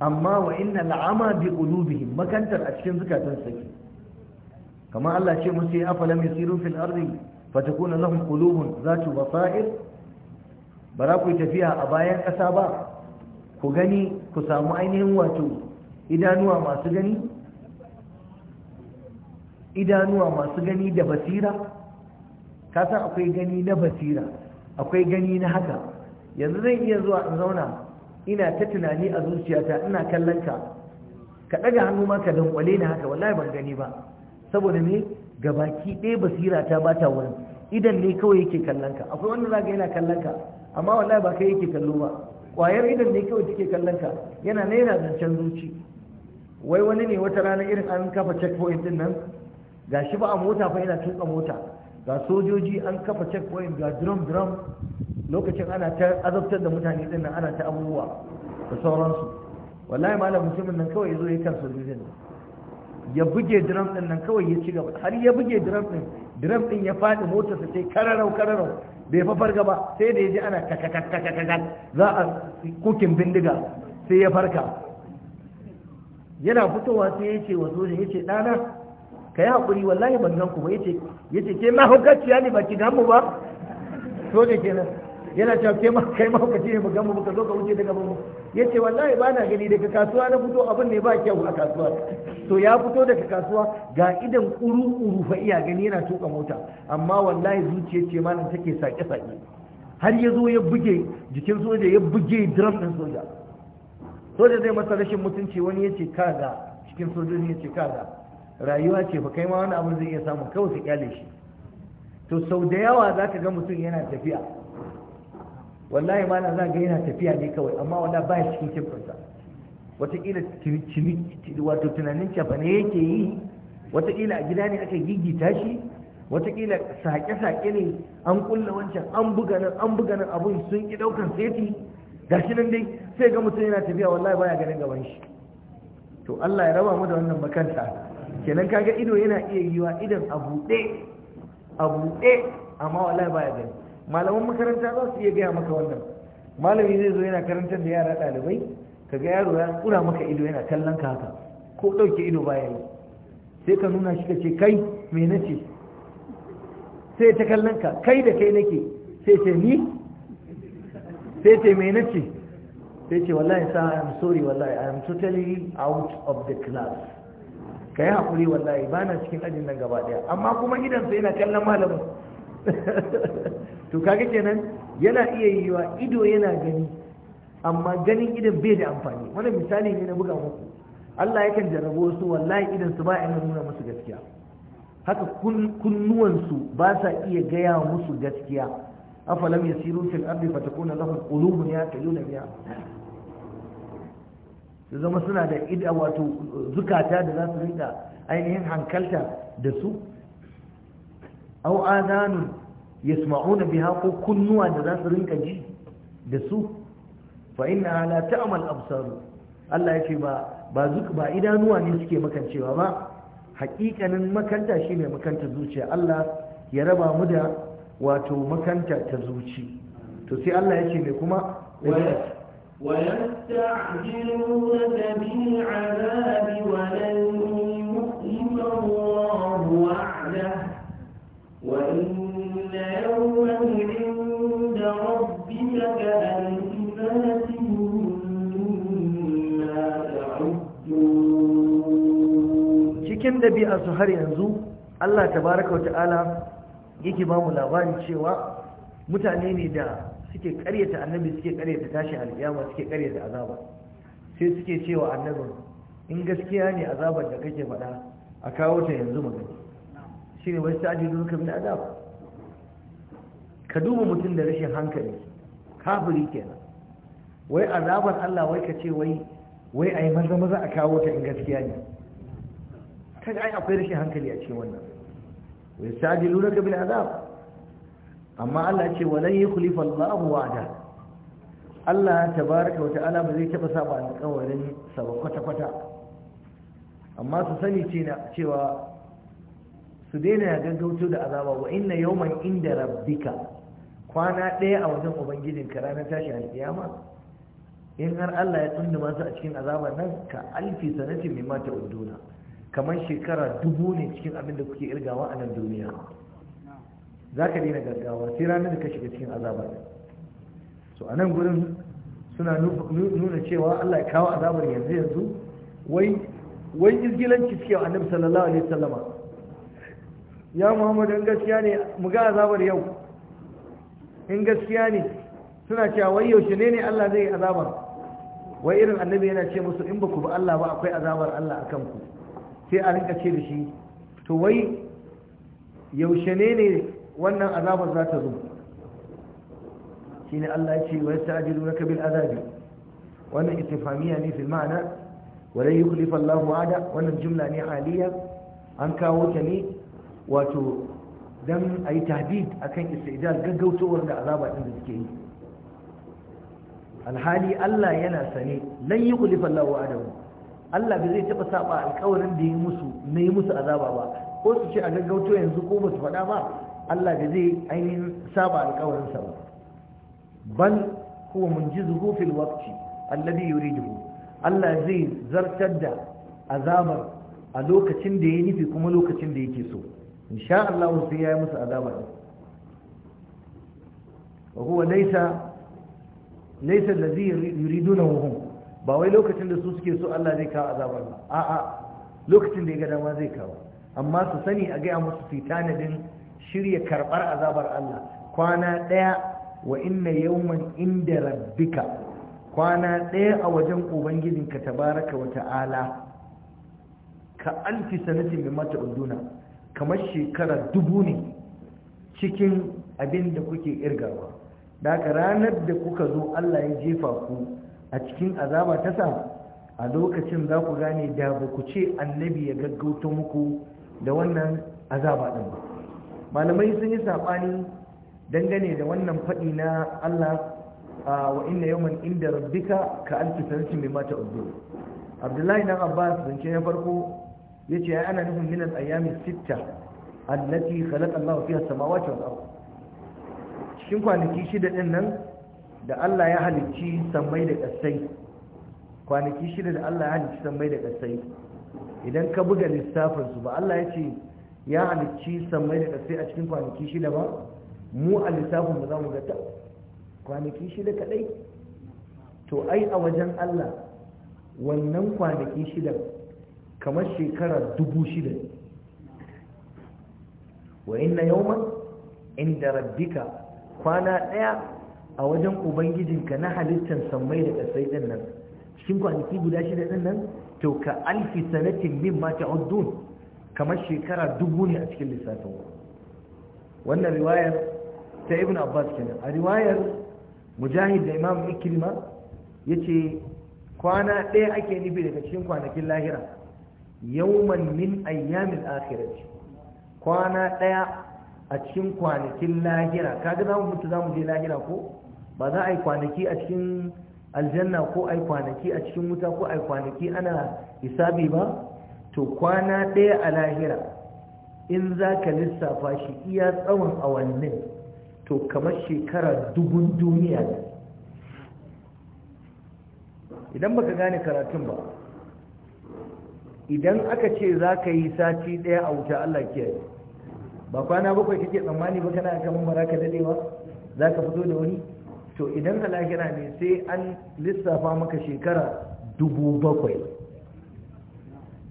amma wa inna al'ama bi qulubihim makantar a cikin zukatan sake Kama Allah ce musu ya afala yasiru fil ardi fatakuna lahum qulubun zatu basair bara ku tafiya a bayan ƙasa ba ku gani ku samu ainihin wato idanuwa masu gani idanuwa masu gani da basira ka san akwai gani na basira akwai gani na haka yanzu zan iya zuwa in zauna ina ta tunani a zuciyata ina kallon ka ka ɗaga hannu ma ka dankwale ni haka wallahi ban gani ba saboda ne gabaki ɗaya basira ta bata wurin idan ne kawai yake kallon ka akwai wanda zaka yana kallon ka amma wallahi ba kai yake kallo ba kwayar idan ne kawai take kallon ka yana ne yana zancen zuci wai wani ne wata rana irin an kafa checkpoint din nan gashi ba a mota fa yana tuka mota ga sojoji an kafa checkpoint ga drum drum lokacin ana ta azabtar da mutane din nan ana ta abubuwa da sauransu wallahi malam mutumin nan kawai yazo ya kan sojojin ya buge drum din nan kawai ya ci gaba har ya buge drum din drum din ya fadi motar sa sai kararau kararau bai fa farga ba sai da yaji ana kakakakakaka za a kukin bindiga sai ya farka yana fitowa sai ya ce wa sojin ya ce ɗana ka yi haƙuri wallahi ban gan ku ba yace yace ke ma hukaciya ne ba ki gan mu ba so ne kenan yana cewa ke ma kai ma hukaci ne ba gan mu ba ka zo ka wuce daga mu yace wallahi ba na gani daga kasuwa na fito abin ne ba kyau a kasuwa to ya fito daga kasuwa ga idan kuru kuru fa iya gani yana tuka mota amma wallahi zuciya ce ma take sake sake har ya zo ya buge jikin soja ya buge drum din soja soja zai masa rashin mutunci wani ya ce kaza cikin sojoji ya ce kaza rayuwa ce fa kai ma wani abu zai iya samu kawai su kyale shi to sau da yawa za ka ga mutum yana tafiya wallahi ma na za ga yana tafiya ne kawai amma ba ya cikin kimfinsa wataƙila wato tunanin cafa ne yake yi wataƙila a gida ne aka gigita shi wataƙila saƙe-saƙe ne an ƙulla wancan an buga nan an buga nan abun sun ƙi ɗaukar seti shi nan dai sai ga mutum yana tafiya wallahi baya ganin gaban shi to Allah ya raba mu da wannan makanta kenan kaga ido yana iya yiwa idan a buɗe a buɗe amma wala baya gani malaman makaranta za su iya gaya maka wannan malami zai zo yana karantar da yara ɗalibai kaga yaro ya kura maka ido yana kallon ka haka ko ɗauke ido baya yi sai ka nuna shi ka ce kai me nace sai ta kallon ka kai da kai nake sai ce ni sai ce me nace sai ce wallahi sa I am sorry wallahi I am totally out of the class ka yi haƙuri wallahi ba na cikin ajin nan gaba ɗaya amma kuma idansa yana kallon malamin to kaga kenan yana iya yiwa ido yana gani amma ganin idan bai da amfani wani misali ne na buga muku Allah yakan jarrabo su wallahi idan su ba ya nuna musu gaskiya haka kunnuwansu ba sa iya gaya musu gaskiya afalam yasiru fil ardi fatakuna lahum qulubun yaqiluna biha su zama suna da ida wato zukata da za su rika ainihin hankalta da su au adanun yasma'una biha ko kunnuwa da za su rinka ji da su fa inna la ta'mal absaru Allah ya ce ba ba zuk ba idanuwa ne suke makancewa ba hakikanin makanta shine makanta zuciya Allah ya raba mu da wato makanta ta zuci to sai Allah ya ce me kuma ويستعجلونك بالعذاب ولن يخلف الله وعده وإن يوما عند ربك كألف سنة cikin ɗabi'a har yanzu Allah tabaraka wa ta'ala yake ba mu labarin cewa mutane ne da suke karyata annabi suke karyata tashi alkiyama suke karyata azaba sai suke cewa annabin in gaskiya ne azabar da kake faɗa a kawo ta yanzu gani shine sai ta'jizu ka min azaba ka duba mutum da rashin hankali kafiri kenan wai azabar Allah wai ka ce wai wai ai maza maza a kawo ta in gaskiya ne kaga ai akwai rashin hankali a cikin wannan wai ta'jizu ka min azaba amma Allah ce walan yukhlifa Allahu wa'da Allah tabaaraka wa ta'ala ba zai taba saba alƙawarin sa ba kwata kwata amma su sani cewa su daina gaggauto da azaba wa inna yawman inda rabbika kwana ɗaya a wajen ka ranar tashi alƙiyama in har Allah ya tsundu masu a cikin azaba nan ka alfi sanatin mai mata uduna kamar shekara dubu ne cikin abin da kuke irgawa a nan duniya za ka daina gaggawa sai ranar da ka shiga cikin azabar so a nan gudun suna nuna cewa Allah ya kawo azabar yanzu yanzu wai izgilanci suke wa annabi sallallahu alaihi wasallama ya muhammadu in gaskiya ne mu ga azabar yau in gaskiya ne suna cewa wai yaushe ne ne Allah zai azabar wai irin annabi yana ce musu in ba ku ba Allah ba akwai azabar Allah a kanku sai a rinka ce da shi to wai yaushe ne ne wannan azabar za ta zo shine Allah ya ce wa yasta'jilunaka bil azabi wannan istifhamiya ne fil ma'ana wa lan yukhlifa Allahu wa'ada wannan jumla ne haliya an kawo ta ne wato dan ayi tahdid akan istijal gaggautowar da azaba din da suke yi alhali Allah yana sane lan yukhlifa Allahu wa'ada Allah bai zai taba saba alƙawarin da ya musu na yi musu azaba ba ko su ce a gaggauto yanzu ko ba su faɗa ba Allah da zai ainihin saba alkawarinsa ba bal huwa munjizuhu fil waqti alladhi yuriduhu Allah zai zartar da azabar a lokacin da ya nufi kuma lokacin da yake so insha Allah sai ya yi musu azabar wa huwa laysa laysa alladhi yuridunahu hum ba wai lokacin da su suke so Allah zai kawo azabar ba a'a lokacin da ya ga dama zai kawo amma su sani a gaya musu fitanadin shirya karɓar azabar Allah kwana ɗaya wa inna yawman inda rabbika kwana ɗaya a wajen ubangijinka tabaraka wa ta'ala ka alfi sanatin bi mata uduna kamar shekara dubu ne cikin abin da kuke irgawa ka ranar da kuka zo Allah ya jefa ku a cikin azaba ta sa a lokacin za ku gane da ba ku ce annabi ya gaggauta muku da wannan azaba ɗin ba malamai sun yi saɓani dangane da wannan faɗi na Allah ah, wa inna yawman inda rabbika ka alfi sanci mai mata uddu abdullahi na abbas zance na farko yace ya ana nufin min ayami sitta allati khalaqa Allah fiha samawati wal ardh cikin kwanaki shida din nan da Allah ya halicci sammai da kasai kwanaki shida da Allah ya halicci sammai da kasai idan ka buga lissafin su ba Allah ya ce ya halicci samai da ƙasai a cikin kwanaki shida ba mu a lissafin ba za mu ga ta kwanaki shida kaɗai to ai a wajen allah wannan kwanaki shida kamar shekara dubu shida wa inna yawman inda rabbika kwana ɗaya a wajen ubangijinka na halittar samai da ƙasai ɗin nan cikin kwanaki guda shida ɗin nan to ka alfi sanatin min ma ta'uddun kamar shekara dubu ne a cikin lissafin wannan riwayar ta ibn abbas kenan a riwayar mujahid da imam ikrima ya ce kwana ɗaya ake nufi daga cikin kwanakin lahira yawman min ayyamin akhirati kwana ɗaya a cikin kwanakin lahira kaga za mu mutu za mu je lahira ko ba za a yi kwanaki a cikin aljanna ko a yi kwanaki a cikin wuta ko a yi kwanaki ana hisabi ba to kwana ɗaya a lahira in za ka lissafa shi iya tsawon awannin to kamar shekara dubun duniya ne idan baka gane karatun ba idan aka ce za ka yi sati ɗaya a wuta Allah kiyaye ba kwana bakwai kake tsammani ba kana kamar ba za ka daɗe ba za ka fito da wani to idan a lahira ne sai an lissafa maka shekara dubu bakwai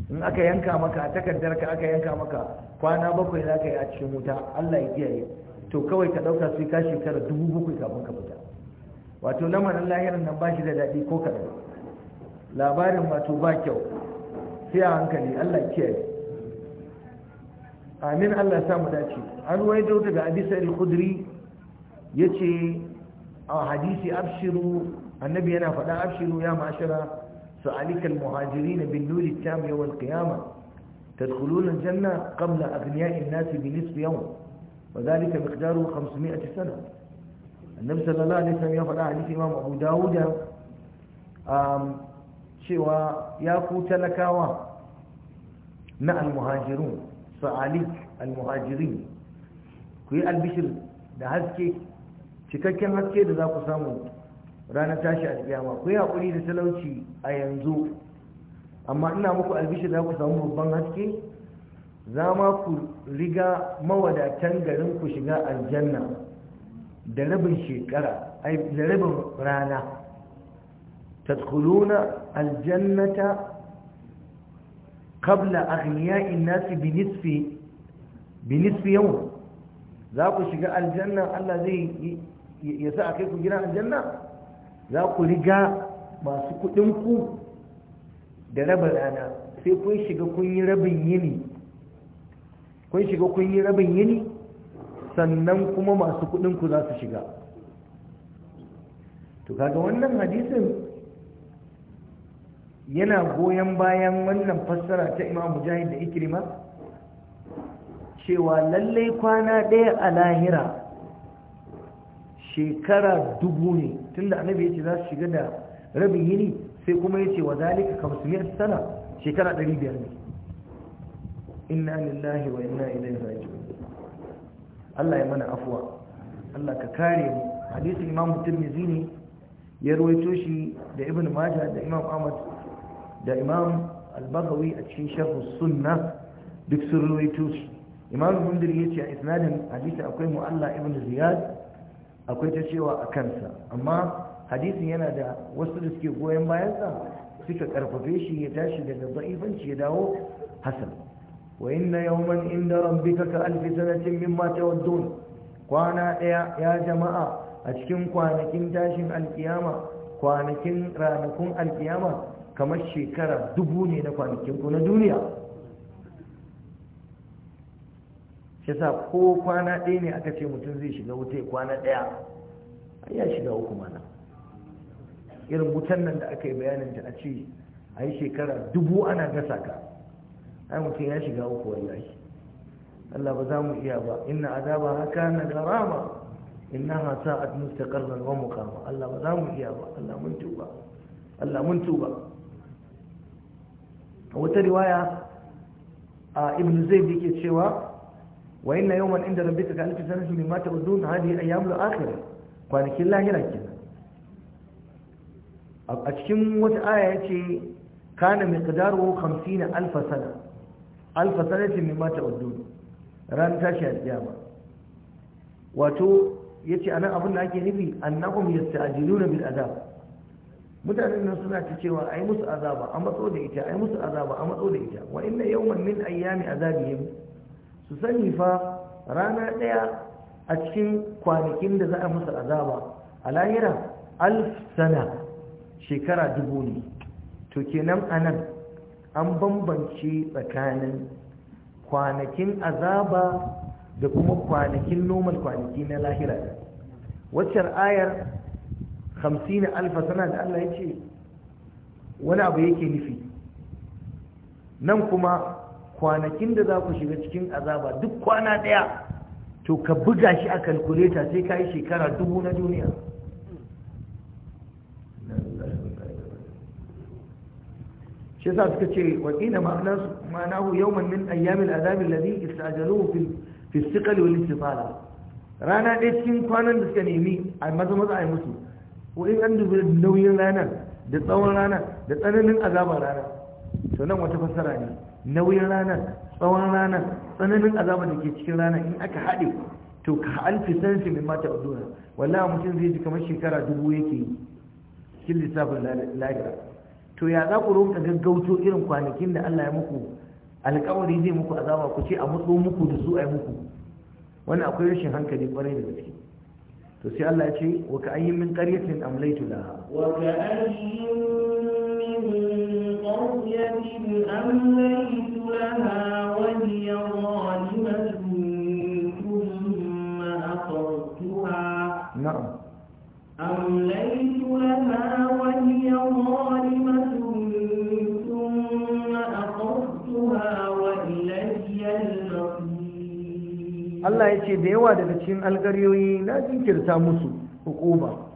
in aka yanka maka a takardar ka aka yanka maka kwana bakwai za ka yi a cikin wuta Allah ya kiyaye to kawai ka ɗauka sai ka shekara dubu bakwai kafin ka fita wato lamarin lahirin nan ba shi da daɗi ko kaɗan labarin wato ba kyau sai a hankali Allah kiyaye amin Allah samu dace an ruwaito daga da Sa'id al ya yace a hadisi abshiru annabi yana faɗa abshiru ya ma'ashara سألك المهاجرين بالنور التام يوم القيامة تدخلون الجنة قبل أغنياء الناس بنصف يوم وذلك مقداره 500 سنة النبي صلى الله عليه وسلم يفعل حديث إمام أبو داود شوى ياكو تلكاوا مع المهاجرون سألك المهاجرين كي البشر ده هزكي cikakken haske da za ku samu ranar tashi alkiyama ku yi haƙuri da talauci a yanzu amma ina muku albishi za ku samu babban haske za ma ku riga mawadatan garin ku shiga aljanna da rabin shekara ai da rabin rana tadkhuluna aljannata qabla aghniya'i nasi bi nisfi bi nisfi yawm za ku shiga aljanna Allah zai yasa sa kai ku gina aljanna za ku riga masu kudinku da raba rana sai kun shiga kun yi rabin yini kun shiga kun yi rabin yini sannan kuma masu kuɗinku za su shiga to kaga wannan hadisin yana goyon bayan wannan fassara ta imam mujahid da ikrima cewa lallai kwana ɗaya a lahira shekara dubu ne tunda annabi yace za su shiga da rabin yini sai kuma yace wa zalika kamsumiyat sana shekara 500 ne inna lillahi wa inna ilaihi raji'un Allah ya mana afwa Allah ka kare mu hadisin Imam Tirmidhi ne ya ruwaito shi da Ibn Majah da Imam Ahmad da Imam al a cikin Sharh Sunnah duk sun ruwaito shi Imam Mundir yace a isnadin hadisi akwai Allah ibn Ziyad akwai ta cewa a kansa amma hadisin yana da wasu da suke goyon bayansa suka karfafe shi ya tashi daga za'ifanci ya dawo hasan wa inna yawman inda rabbika ka alfi sanatin mimma tawaddun kwana daya ya jama'a a cikin kwanakin tashin alkiyama kwanakin ranakun alkiyama kamar shekara dubu ne na kwanakin ku na duniya yasa ko kwana ɗaya ne aka ce mutum zai shiga wuta ya kwana ɗaya A ya shiga uku mana irin wutan nan da aka yi bayanin ta a ce a yi shekara dubu ana gasa ka ai mutum ya shiga uku wallahi Allah ba za mu iya ba inna azaba haka na garama innaha sa'at mustaqarran wa muqama Allah ba za mu iya ba Allah mun tuba Allah mun tuba a wata riwaya a Ibnu zaid yake cewa wa inna yawman inda rabbika ka alfi sanatin mimma ta'udun hadi ayyamul akhirah kwanakin lahira kenan a cikin wata aya yace kana miqdaru 50 alf sana alf sanatin mimma ta'udun ran tashi alkiyama wato yace anan abin da ake nufi annahum yasta'jiluna bil azab mutanen nan suna ta cewa ai musu azaba a matso da ita ai musu azaba a matso da ita wa inna yawman min ayyami azabihim su sani fa rana ɗaya a cikin kwanakin da za a musu azaba a lahira alf sana shekara dubu ne to kenan a nan an bambance tsakanin kwanakin azaba da kuma kwanakin noman kwanaki na lahira waccar ayar 50 alfa sana da Allah ya ce wani abu yake nufi nan kuma kwanakin da za ku shiga cikin azaba duk kwana ɗaya to ka buga shi a kalkuleta sai ka yi shekara dubu na duniya shi sa suka ce wakila ma'anahu yawman mannin ayyamin azabin ladhi istajaluhu fi siqal wal istifala rana ɗaya cikin kwanan da suka nemi a maza maza a yi musu ko in an dubi nauyin ranar da tsawon ranar da tsananin azabar ranar to wata fassara ne nauyin ranar tsawon ranar tsananin azabar da ke cikin ranar in aka haɗe to ka alfi sanfi mai mata udura wallahi mutum zai ji kamar shekara dubu yake yi cikin lissafin lahira to ya za ku roƙa gaggauto irin kwanakin da Allah ya muku alkawari zai muku azaba ku ce a mutso muku da su a yi muku wani akwai rashin hankali kwarai da gaske to sai Allah ya ce wa ka ayyin min qaryatin amlaytu laha wa ka ayyin min Allah ya yace da yawa daga cikin algaryoyi na jinkirta musu hukuma.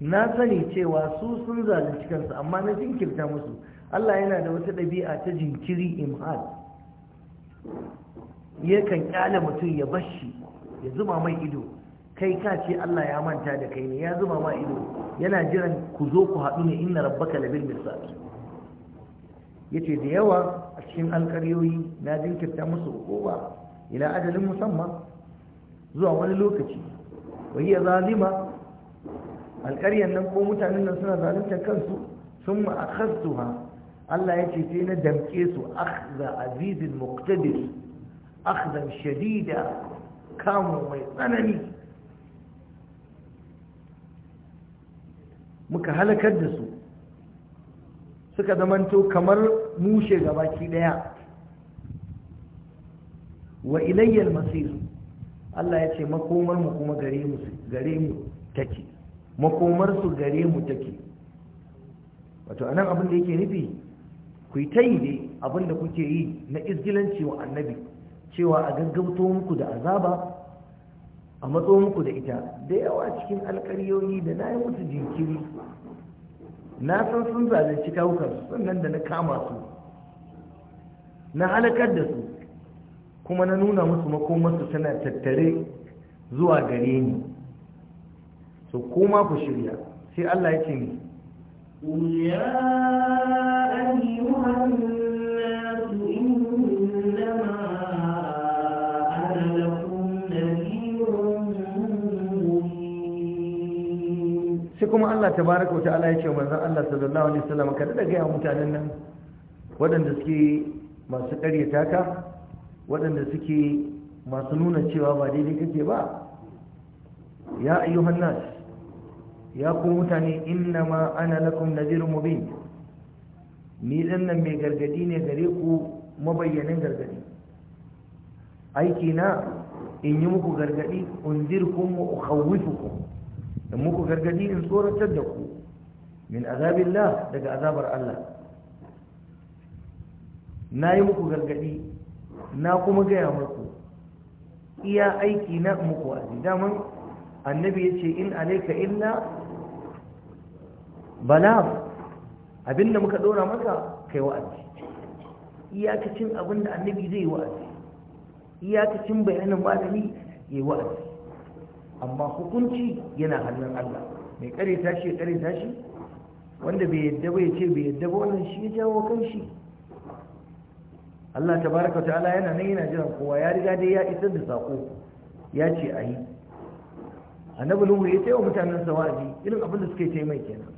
na sani cewa su sun zalunci kansu amma na jinkirta musu Allah yana da wata ɗabi'a ta jinkiri imhal yakan kyale mutum ya bashi ya zuma mai ido kai ka ce Allah ya manta da kai ne ya zuma ma ido yana jiran ku zo ku haɗu ne inna rabbaka labil Ya yace da yawa a cikin alƙaryoyi na jinkirta musu hukuma ila ajalin musamman zuwa wani lokaci wa hiya zalima alƙaryar nan ko mutanen nan suna zalunta kansu sun ma'akastu ha Allah ya ce sai na damke su akhza azizin muqtadir akhzan shadida kamu mai tsanani muka halakar da su suka zamanto kamar mushe gabaki daya wa ilayyal masir Allah ya ce makomar mu kuma gare mu makomarsu gare mu take wato anan abin da yake nufi ku ta yi ne, abin da kuke yi na izgilanci wa annabi cewa a gaggauto muku da azaba a matso muku da ita da yawa cikin alkaryoyi da na yi musu jinkiri na san sun zalunci kawukansu sannan da na kama su na halakar da su kuma na nuna musu makomarsu tana tattare zuwa gare ni so kuma ku shirya sai Allah ya ce ni sai kuma Allah ta baraka wata ya ce manzon Allah sallallahu alaihi wasallam kada da gaya mutanen nan waɗanda suke masu ƙarya taka waɗanda suke masu nuna cewa ba daidai kake ba ya ayyuhan nasu ya ku mutane inna ma ana lakum nadirun mubin ni dan nan mai gargadi ne gare ku mabayyanin gargadi aiki na in yi muku gargadi unzirkum wa ukhawwifukum in muku gargadi in tsoratar da ku min azabillah daga azabar Allah na yi muku gargadi na kuma gaya muku iya aiki na muku azi daman annabi ya ce in alaika illa bala abinda muka dora maka kai wa'azi iyakacin abinda annabi zai yi wa'azi iyakacin bayanin malami yayi wa'azi amma hukunci yana hannun Allah mai kare tashi ya kare tashi wanda bai yadda ba ya ce bai yadda ba wannan shi ya jawo kanshi Allah tabaraka ta'ala yana nan yana jiran kowa ya riga dai ya isar da sako ya ce a yi annabi nuhu ya ce wa mutanen sawaji irin abin da suke ce mai kenan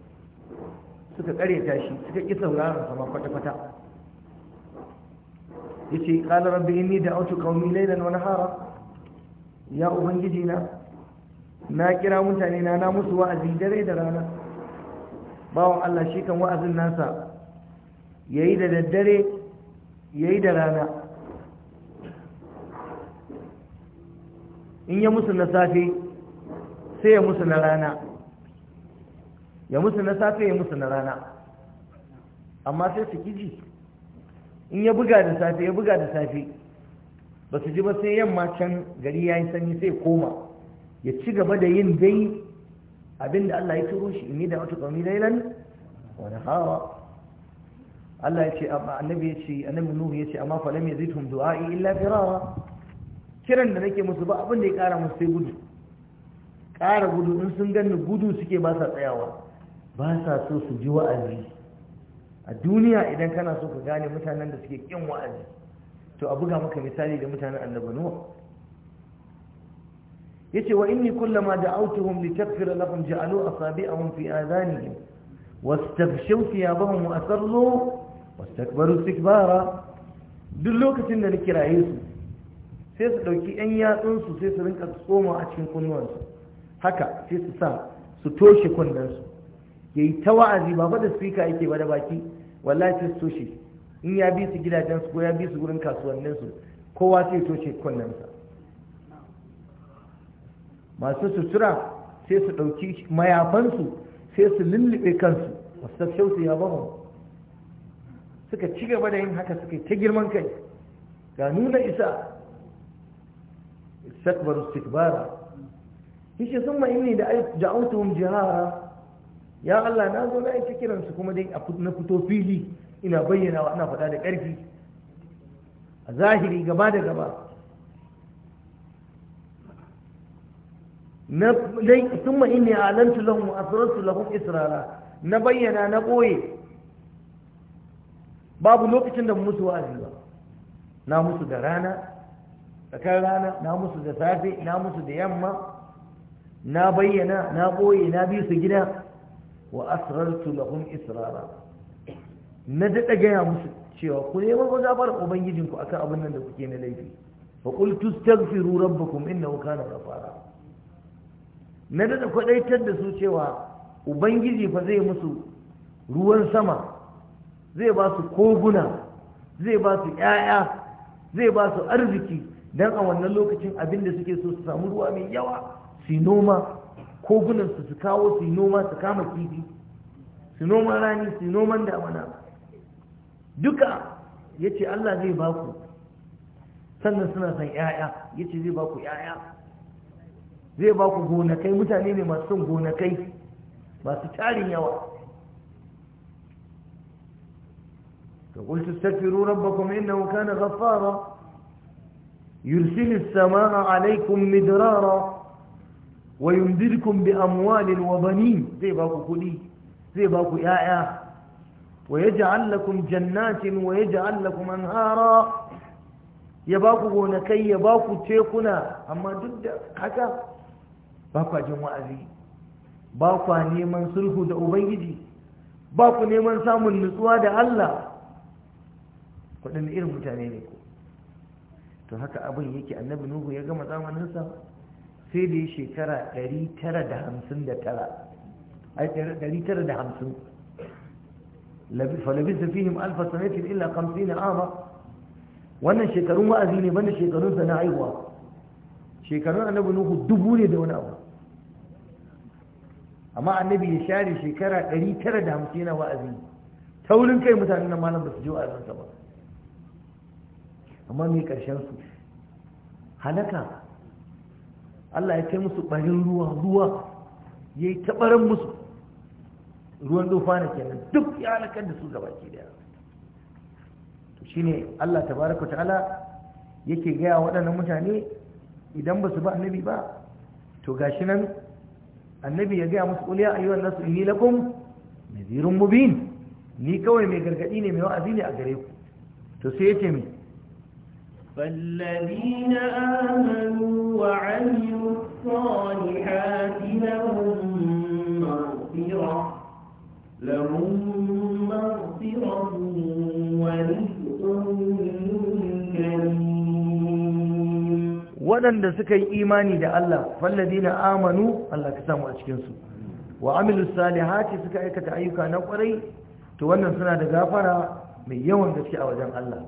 suka ta shi suka ƙi sauraron sama kwata-kwata ya ce ƙala rabbi inni da autu kaumi lailan wani hara ya ubangiji na na kira mutane na na musu wa'azi dare da rana bawan Allah shi kan wa'azin nasa yayi da daddare yayi da rana in ya musu na safe sai ya musu na rana ya musu na safe ya musu na rana amma sai su kiji in ya buga da safe ya buga da safe ba su ji ba sai yamma can gari ya yi sanyi sai koma ya ci gaba da yin dai abinda Allah ya turo shi inni da wata kwami lailan wani hawa Allah ya ce annabi ya ce annabi Nuhu ya ce amma falam yazidhum du'a'i illa firara kiran da nake musu ba abin da ya kara musu sai gudu kara gudu in sun ganni gudu suke ba sa tsayawa ba sa so su ji wa'azi a duniya idan kana so ka gane mutanen da suke kin wa'azi to a buga maka misali da mutanen annabi nuwa yace wa inni kullama da'awtuhum litaghfira lahum ja'alu asabi'ahum fi adhanihim واستغشوا wasu وأسروا واستكبروا استكبارا duk lokacin da na kiraye su sai su ɗauki 'yan yatsunsu sai su rinka tsoma a cikin kunnuwansu haka sai su sa su toshe kundansu ya yi ta wa'azi ba da speaker yake ba da baki wallahi sai toshe in ya bi su gidajensu ko ya bi su gurin kasuwanninsu kowa sai toshe kunnensa masu sutura sai su ɗauki mayafansu sai su lullube kansu wasu shausu ya bamu suka ci gaba da yin haka suka yi ta girman kai ga nuna isa istakbaru istikbara yace sun ma'ini da da'autuhum jihara ya Allah na zo na yi ta kiransu kuma dai na fito fili ina bayyana wa ana faɗa da ƙarfi a zahiri gaba da gaba na dai sun ma ina alantu lahum asrartu lahum israra na bayyana na ɓoye babu lokacin da musu wa'azi ba na musu da rana tsakar rana na musu da safe na musu da yamma na bayyana na ɓoye na bi su gida wa asrartu lahum israra na daɗa gaya musu cewa ku neman ku zafar ubangijinku akan abin nan da kuke na laifi fa qultu astaghfiru rabbakum innahu kana ghafara na daɗa kwadaitar da su cewa ubangiji fa zai musu ruwan sama zai ba su koguna zai ba su ƴaƴa zai ba su arziki dan a wannan lokacin abin da suke so su samu ruwa mai yawa su noma kogunan su su kawo su yi noma su kama kifi su noma rani su yi noman damana duka ya ce Allah zai ba ku sannan suna son ‘ya'ya ya ce zai ba ku ‘ya'ya zai ba ku gonakai mutane ne masu son gonakai masu tarin yawa ka kulci bakwai mai innahu kana ghaffara Yursinin sama'a alaikum midrara wa yumdidkum bi amwalin wa zai ba ku kudi zai ba ku yaya wa yaj'al lakum jannatin wa yaj'al lakum anhara ya ba ku gonakai ya ba ku tekuna amma duk da haka ba ku jin wa'azi ba ku neman sulhu da ubangiji ba ku neman samun nutsuwa da Allah kudin irin mutane ne ko to haka abin yake annabi nuhu ya gama zamaninsa sai da ya shekara 959 ai 950 falabisa fihim alfa sanatin illa 50 ama wannan shekarun wa'azi ne banda shekarun sa na haihuwa shekarun annabi nuhu dubu ne da wani abu amma annabi ya share shekara 950 yana wa'azi taurin kai mutanen nan malam ba su ji wa'azinsa ba amma mai karshen su halaka Allah ya kai musu ɓarin ruwa ruwa yayi taɓarin musu ruwan dufa ne kenan duk ya halakar da su gabaki daya to shine Allah tabaraka ta'ala yake gaya waɗannan mutane idan ba su ba annabi ba to gashi nan annabi ya gaya musu ƙuliya ayyuhan nasu inni lakum nadhirun mubin ni kawai mai gargadi ne mai wa'azi ne a gare ku to sai yace me فالذين آمنوا وعملوا الصالحات لهم مغفرة لهم مغفرة ورزق waɗanda suka yi imani da Allah falladina amanu Allah ka samu a cikinsu wa amilu salihati suka aikata ayyuka na kwarai to wannan suna da gafara mai yawan gaske a wajen Allah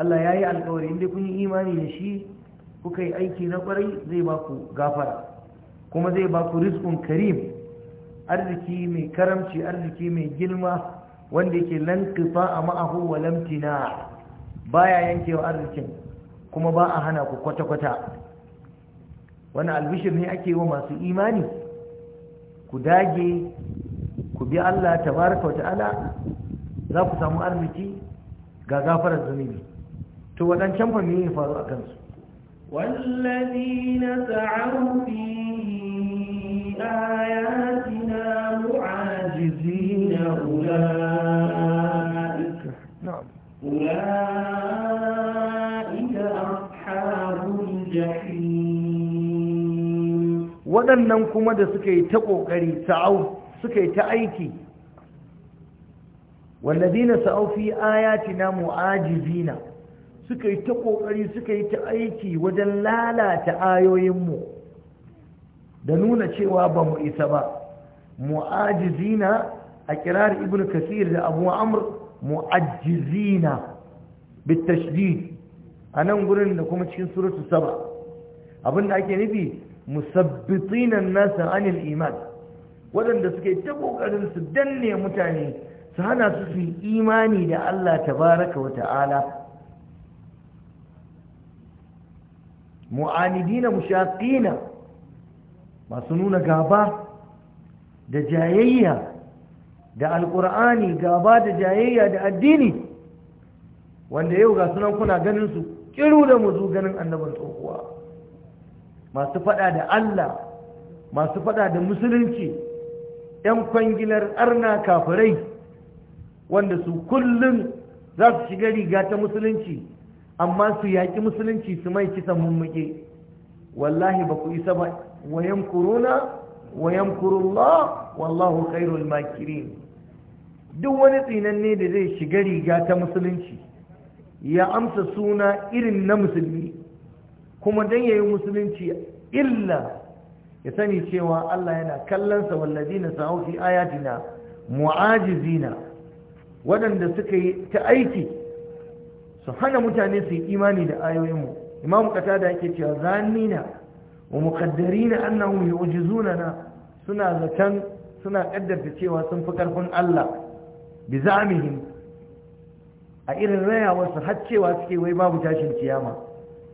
Allah ya yi alkawari inda kun yi imani da shi kuka yi aiki na kwarai zai ba ku gafara kuma zai ba ku rizkun karim arziki mai karamci arziki mai girma wanda yake lankifa a ma'ahu wa lamtina baya yankewa arzikin kuma ba a hana ku kwata-kwata wani albishir ne ake wa masu imani ku dage ku bi Allah tabaraka wa ta'ala za ku samu arziki ga gafarar zunubi to waɗancan fa me ya faru a kansu والذين سعوا في آياتنا معاجزين أولئك waɗannan kuma da suka yi ta ƙoƙari sa'au suka yi ta aiki wallazina sa'au fi ayatina mu'ajizina suka yi ta ƙoƙari suka yi ta aiki wajen lalata ayoyinmu da nuna cewa ba mu isa ba mu'ajizina a kirar ibn kasir da abu Amur, mu'ajizina bitashdid a nan gurin da kuma cikin suratu saba abinda ake nufi musabbitina nasa anil iman waɗanda suka yi ta ƙoƙarin su danne mutane su hana su su imani da Allah tabaraka wa ta'ala mu'anidina mushaqina masu nuna gaba da jayayya da alkur'ani gaba da jayayya da addini wanda yau ga sunan kuna ganin su kiru da muzu ganin annabin tsohuwa masu fada da Allah masu fada da musulunci yan kwangilar arna kafirai wanda su kullum za su shiga riga ta musulunci amma su yaƙi musulunci su mai kisan mummuke wallahi ba ku isa ba wayan kuruna wayan kurullah wallahu khairul makirin duk wani tsinanne da zai shiga riga ta musulunci ya amsa suna irin na musulmi kuma don yayi musulunci illa ya sani cewa Allah yana kallonsa wallazina sa'u fi ayatina mu'ajizina waɗanda suka yi ta aiki su hana mutane su yi imani da ayoyinmu imamu da yake cewa zanina wa muqaddarina zuna na. suna zaton suna kaddarta cewa sun fi karfin Allah bi za'amihim a irin rayawar su har cewa suke wai babu tashin kiyama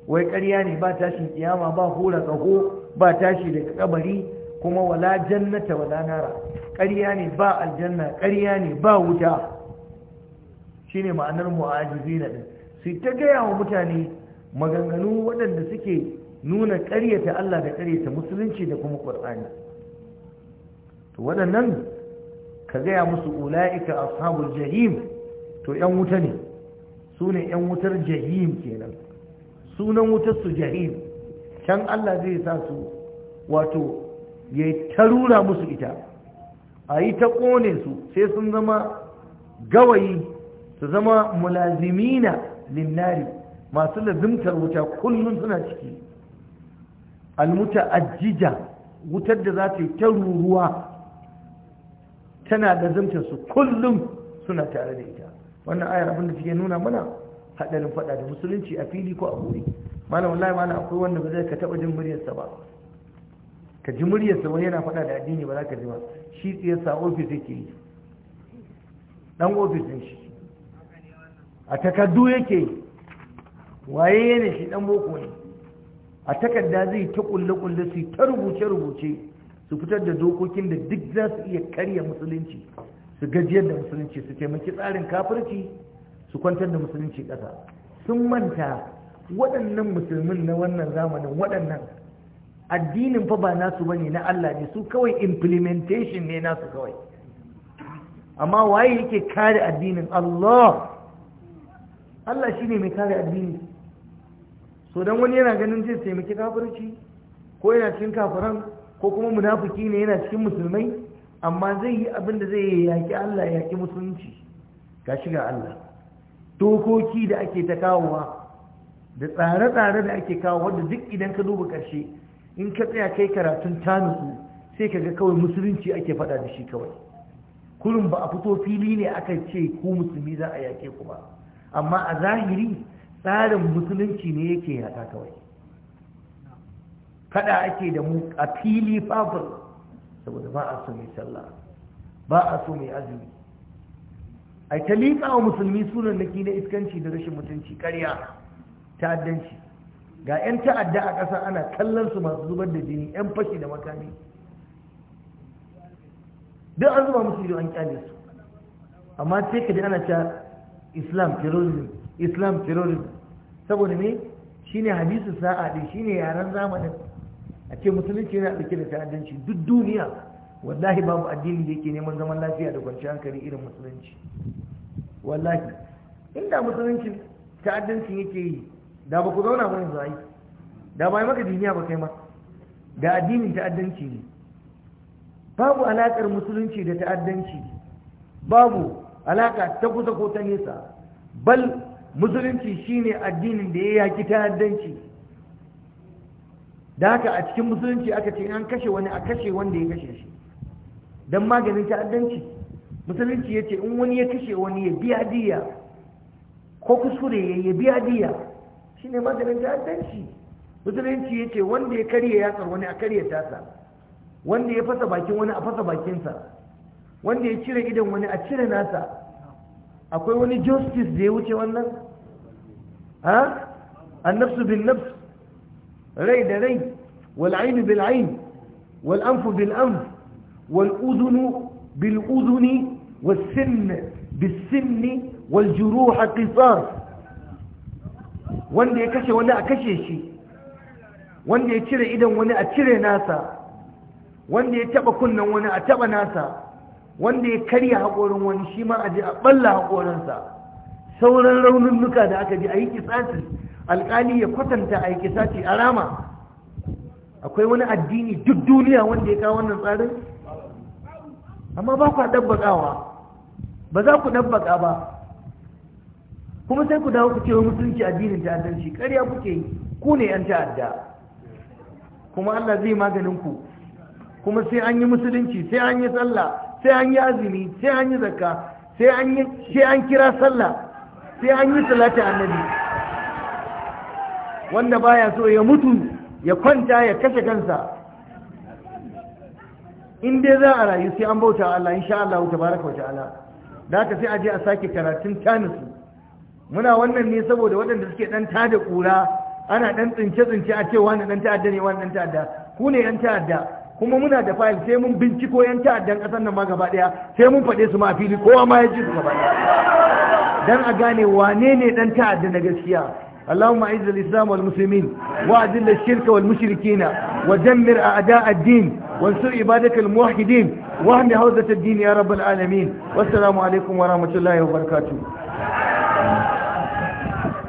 wai ƙarya ne ba tashin kiyama ba hura tsaho ba tashi daga kabari kuma wala jannata wala nara ƙarya ne ba aljanna ƙarya ne ba wuta shine ma'anar mu'ajizina din su ta gaya wa mutane maganganu waɗanda suke nuna ƙaryata Allah da ƙaryata musulunci da kuma ƙur'ani. to waɗannan ka gaya musu ula'ika ashabul jahim to 'yan wuta ne su ne 'yan wutar jahim kenan sunan wutar su jahim can Allah zai sa su wato ya tarura musu ita a yi ta ƙone su sai sun zama gawayi su zama mulazimina linnari masu lazimtar wuta kullum suna ciki almuta ajija wutar da za ta yi ta ruruwa tana lazimtar su kullum suna tare da ita wannan ayar abinda take nuna mana haɗarin faɗa da musulunci a fili ko a wuri malam wallahi akwai wanda ba zai ka taɓa jin muryarsa ba ka ji muryarsa wani yana faɗa da addini ba za ka ji ba shi sa ofis yake yi ɗan ofis din shi a takardu yake waye ne shi dan boko ne a takarda zai ta kulle-kulle su ta rubuce-rubuce su fitar da dokokin da duk za su iya karya musulunci su gajiyar da musulunci su taimaki tsarin kafirci su kwantar da musulunci ƙasa sun manta waɗannan musulmin na wannan zamanin waɗannan addinin fa ba nasu ba ne na Allah ne su kawai implementation ne nasu kawai amma waye yake kare addinin Allah Allah shi ne mai kare addini so don wani yana ganin zai taimaki kafirci ko yana cikin kafiran ko kuma munafuki ne yana cikin musulmai amma zai yi abin da zai yi yaƙi Allah ya yaki musulunci ga shiga Allah dokoki da ake ta kawowa da tsare-tsare da ake kawo wanda duk idan ka duba ƙarshe in ka tsaya kai karatun tanusu sai ka ga kawai musulunci ake faɗa da shi kawai kurum ba a fito fili ne aka ce ku musulmi za a yake ku ba amma a zahiri tsarin musulunci ne yake haka kawai kada ake da mu a fili fafur saboda ba a so mai sallah ba a so mai azumi a ta liƙa wa musulmi sunan naki na iskanci da rashin mutunci ƙarya ta'addanci ga 'yan ta'adda a ƙasa ana kallon su masu zubar da jini 'yan fashi da makami duk an zuba musu ido an kyale su amma sai ka ji ana ta islam terrorism islam terrorism saboda ne shi ne hadisu sa'a Shi ne yaren zamanin a ce musulunci yana ɗauke da ta'addanci duk duniya wallahi babu addini da yake neman zaman lafiya da kwanciyar hankali irin musulunci wallahi inda musulunci ta'addanci yake yi da ba ku zauna ba yanzu ai da ba maka duniya ba kai ma da addinin ta'addanci ne babu alaƙar musulunci da ta'addanci babu alaka ta kusa ko ta nesa bal musulunci shine addinin da ya yaki ta'addanci da haka a cikin musulunci aka ce an kashe wani a kashe wanda ya kashe shi don maganin ta'addanci musulunci ya ce in wani ya kashe wani ya biya diya ko kuskure ya biya diya shi ne maganin ta'addanci musulunci ya ce wanda ya karya yatsar wani a karya tasa wanda ya fasa bakin wani a fasa bakinsa wanda ya cire idan wani a cire nasa akwai wani justice da ya wuce wannan ha annafsu bin nafs rai da rai wal ainu bil ain wal anfu bil anf wal udhunu bil udhuni was sin bis sin wal juruha qisas wanda ya kashe wani a kashe shi wanda ya cire idan wani a cire nasa wanda ya taba kunnan wani a taba nasa wanda ya karya haƙorin wani shi ma a je a ɓalla haƙorinsa sauran raununnuka da aka bi a yi kisasi alƙali ya kwatanta a yi kisasi a rama akwai wani addini duk duniya wanda ya kawo wannan tsarin amma ba ku ɗabbaƙawa ba za ku ɗabbaƙa ba kuma sai ku dawo ku ce wa musulunci addinin ta'addanci ƙarya kuke yi ku ne 'yan ta'adda kuma Allah zai maganin ku kuma sai an yi musulunci sai an yi sallah sai an yi azumi sai an yi zakka sai an kira sallah sai an yi salati annabi wanda baya so ya mutu ya kwanta ya kashe kansa in dai za a rayu sai an bauta Allah insha Allah tabaraka wa ta'ala da haka sai a je a sake karatun tanisu muna wannan ne saboda waɗanda suke ɗan tada ƙura ana ɗan tsince-tsince a ce wani ɗan ta'adda ne wani ɗan ta'adda ku ne ɗan ta'adda kuma muna da fayil sai mun binciko yan ta'addan ƙasar nan ma gaba ɗaya sai mun faɗe su ma fili kowa ma ya ji su gaba ɗaya dan a gane wane ne dan ta'adda na gaskiya اللهم اعز الإسلام والمسلمين واذل الشرك والمشركين ودمر أعداء الدين وانصر عبادك الموحدين واهم حوزة الدين يا رب العالمين والسلام عليكم ورحمة الله وبركاته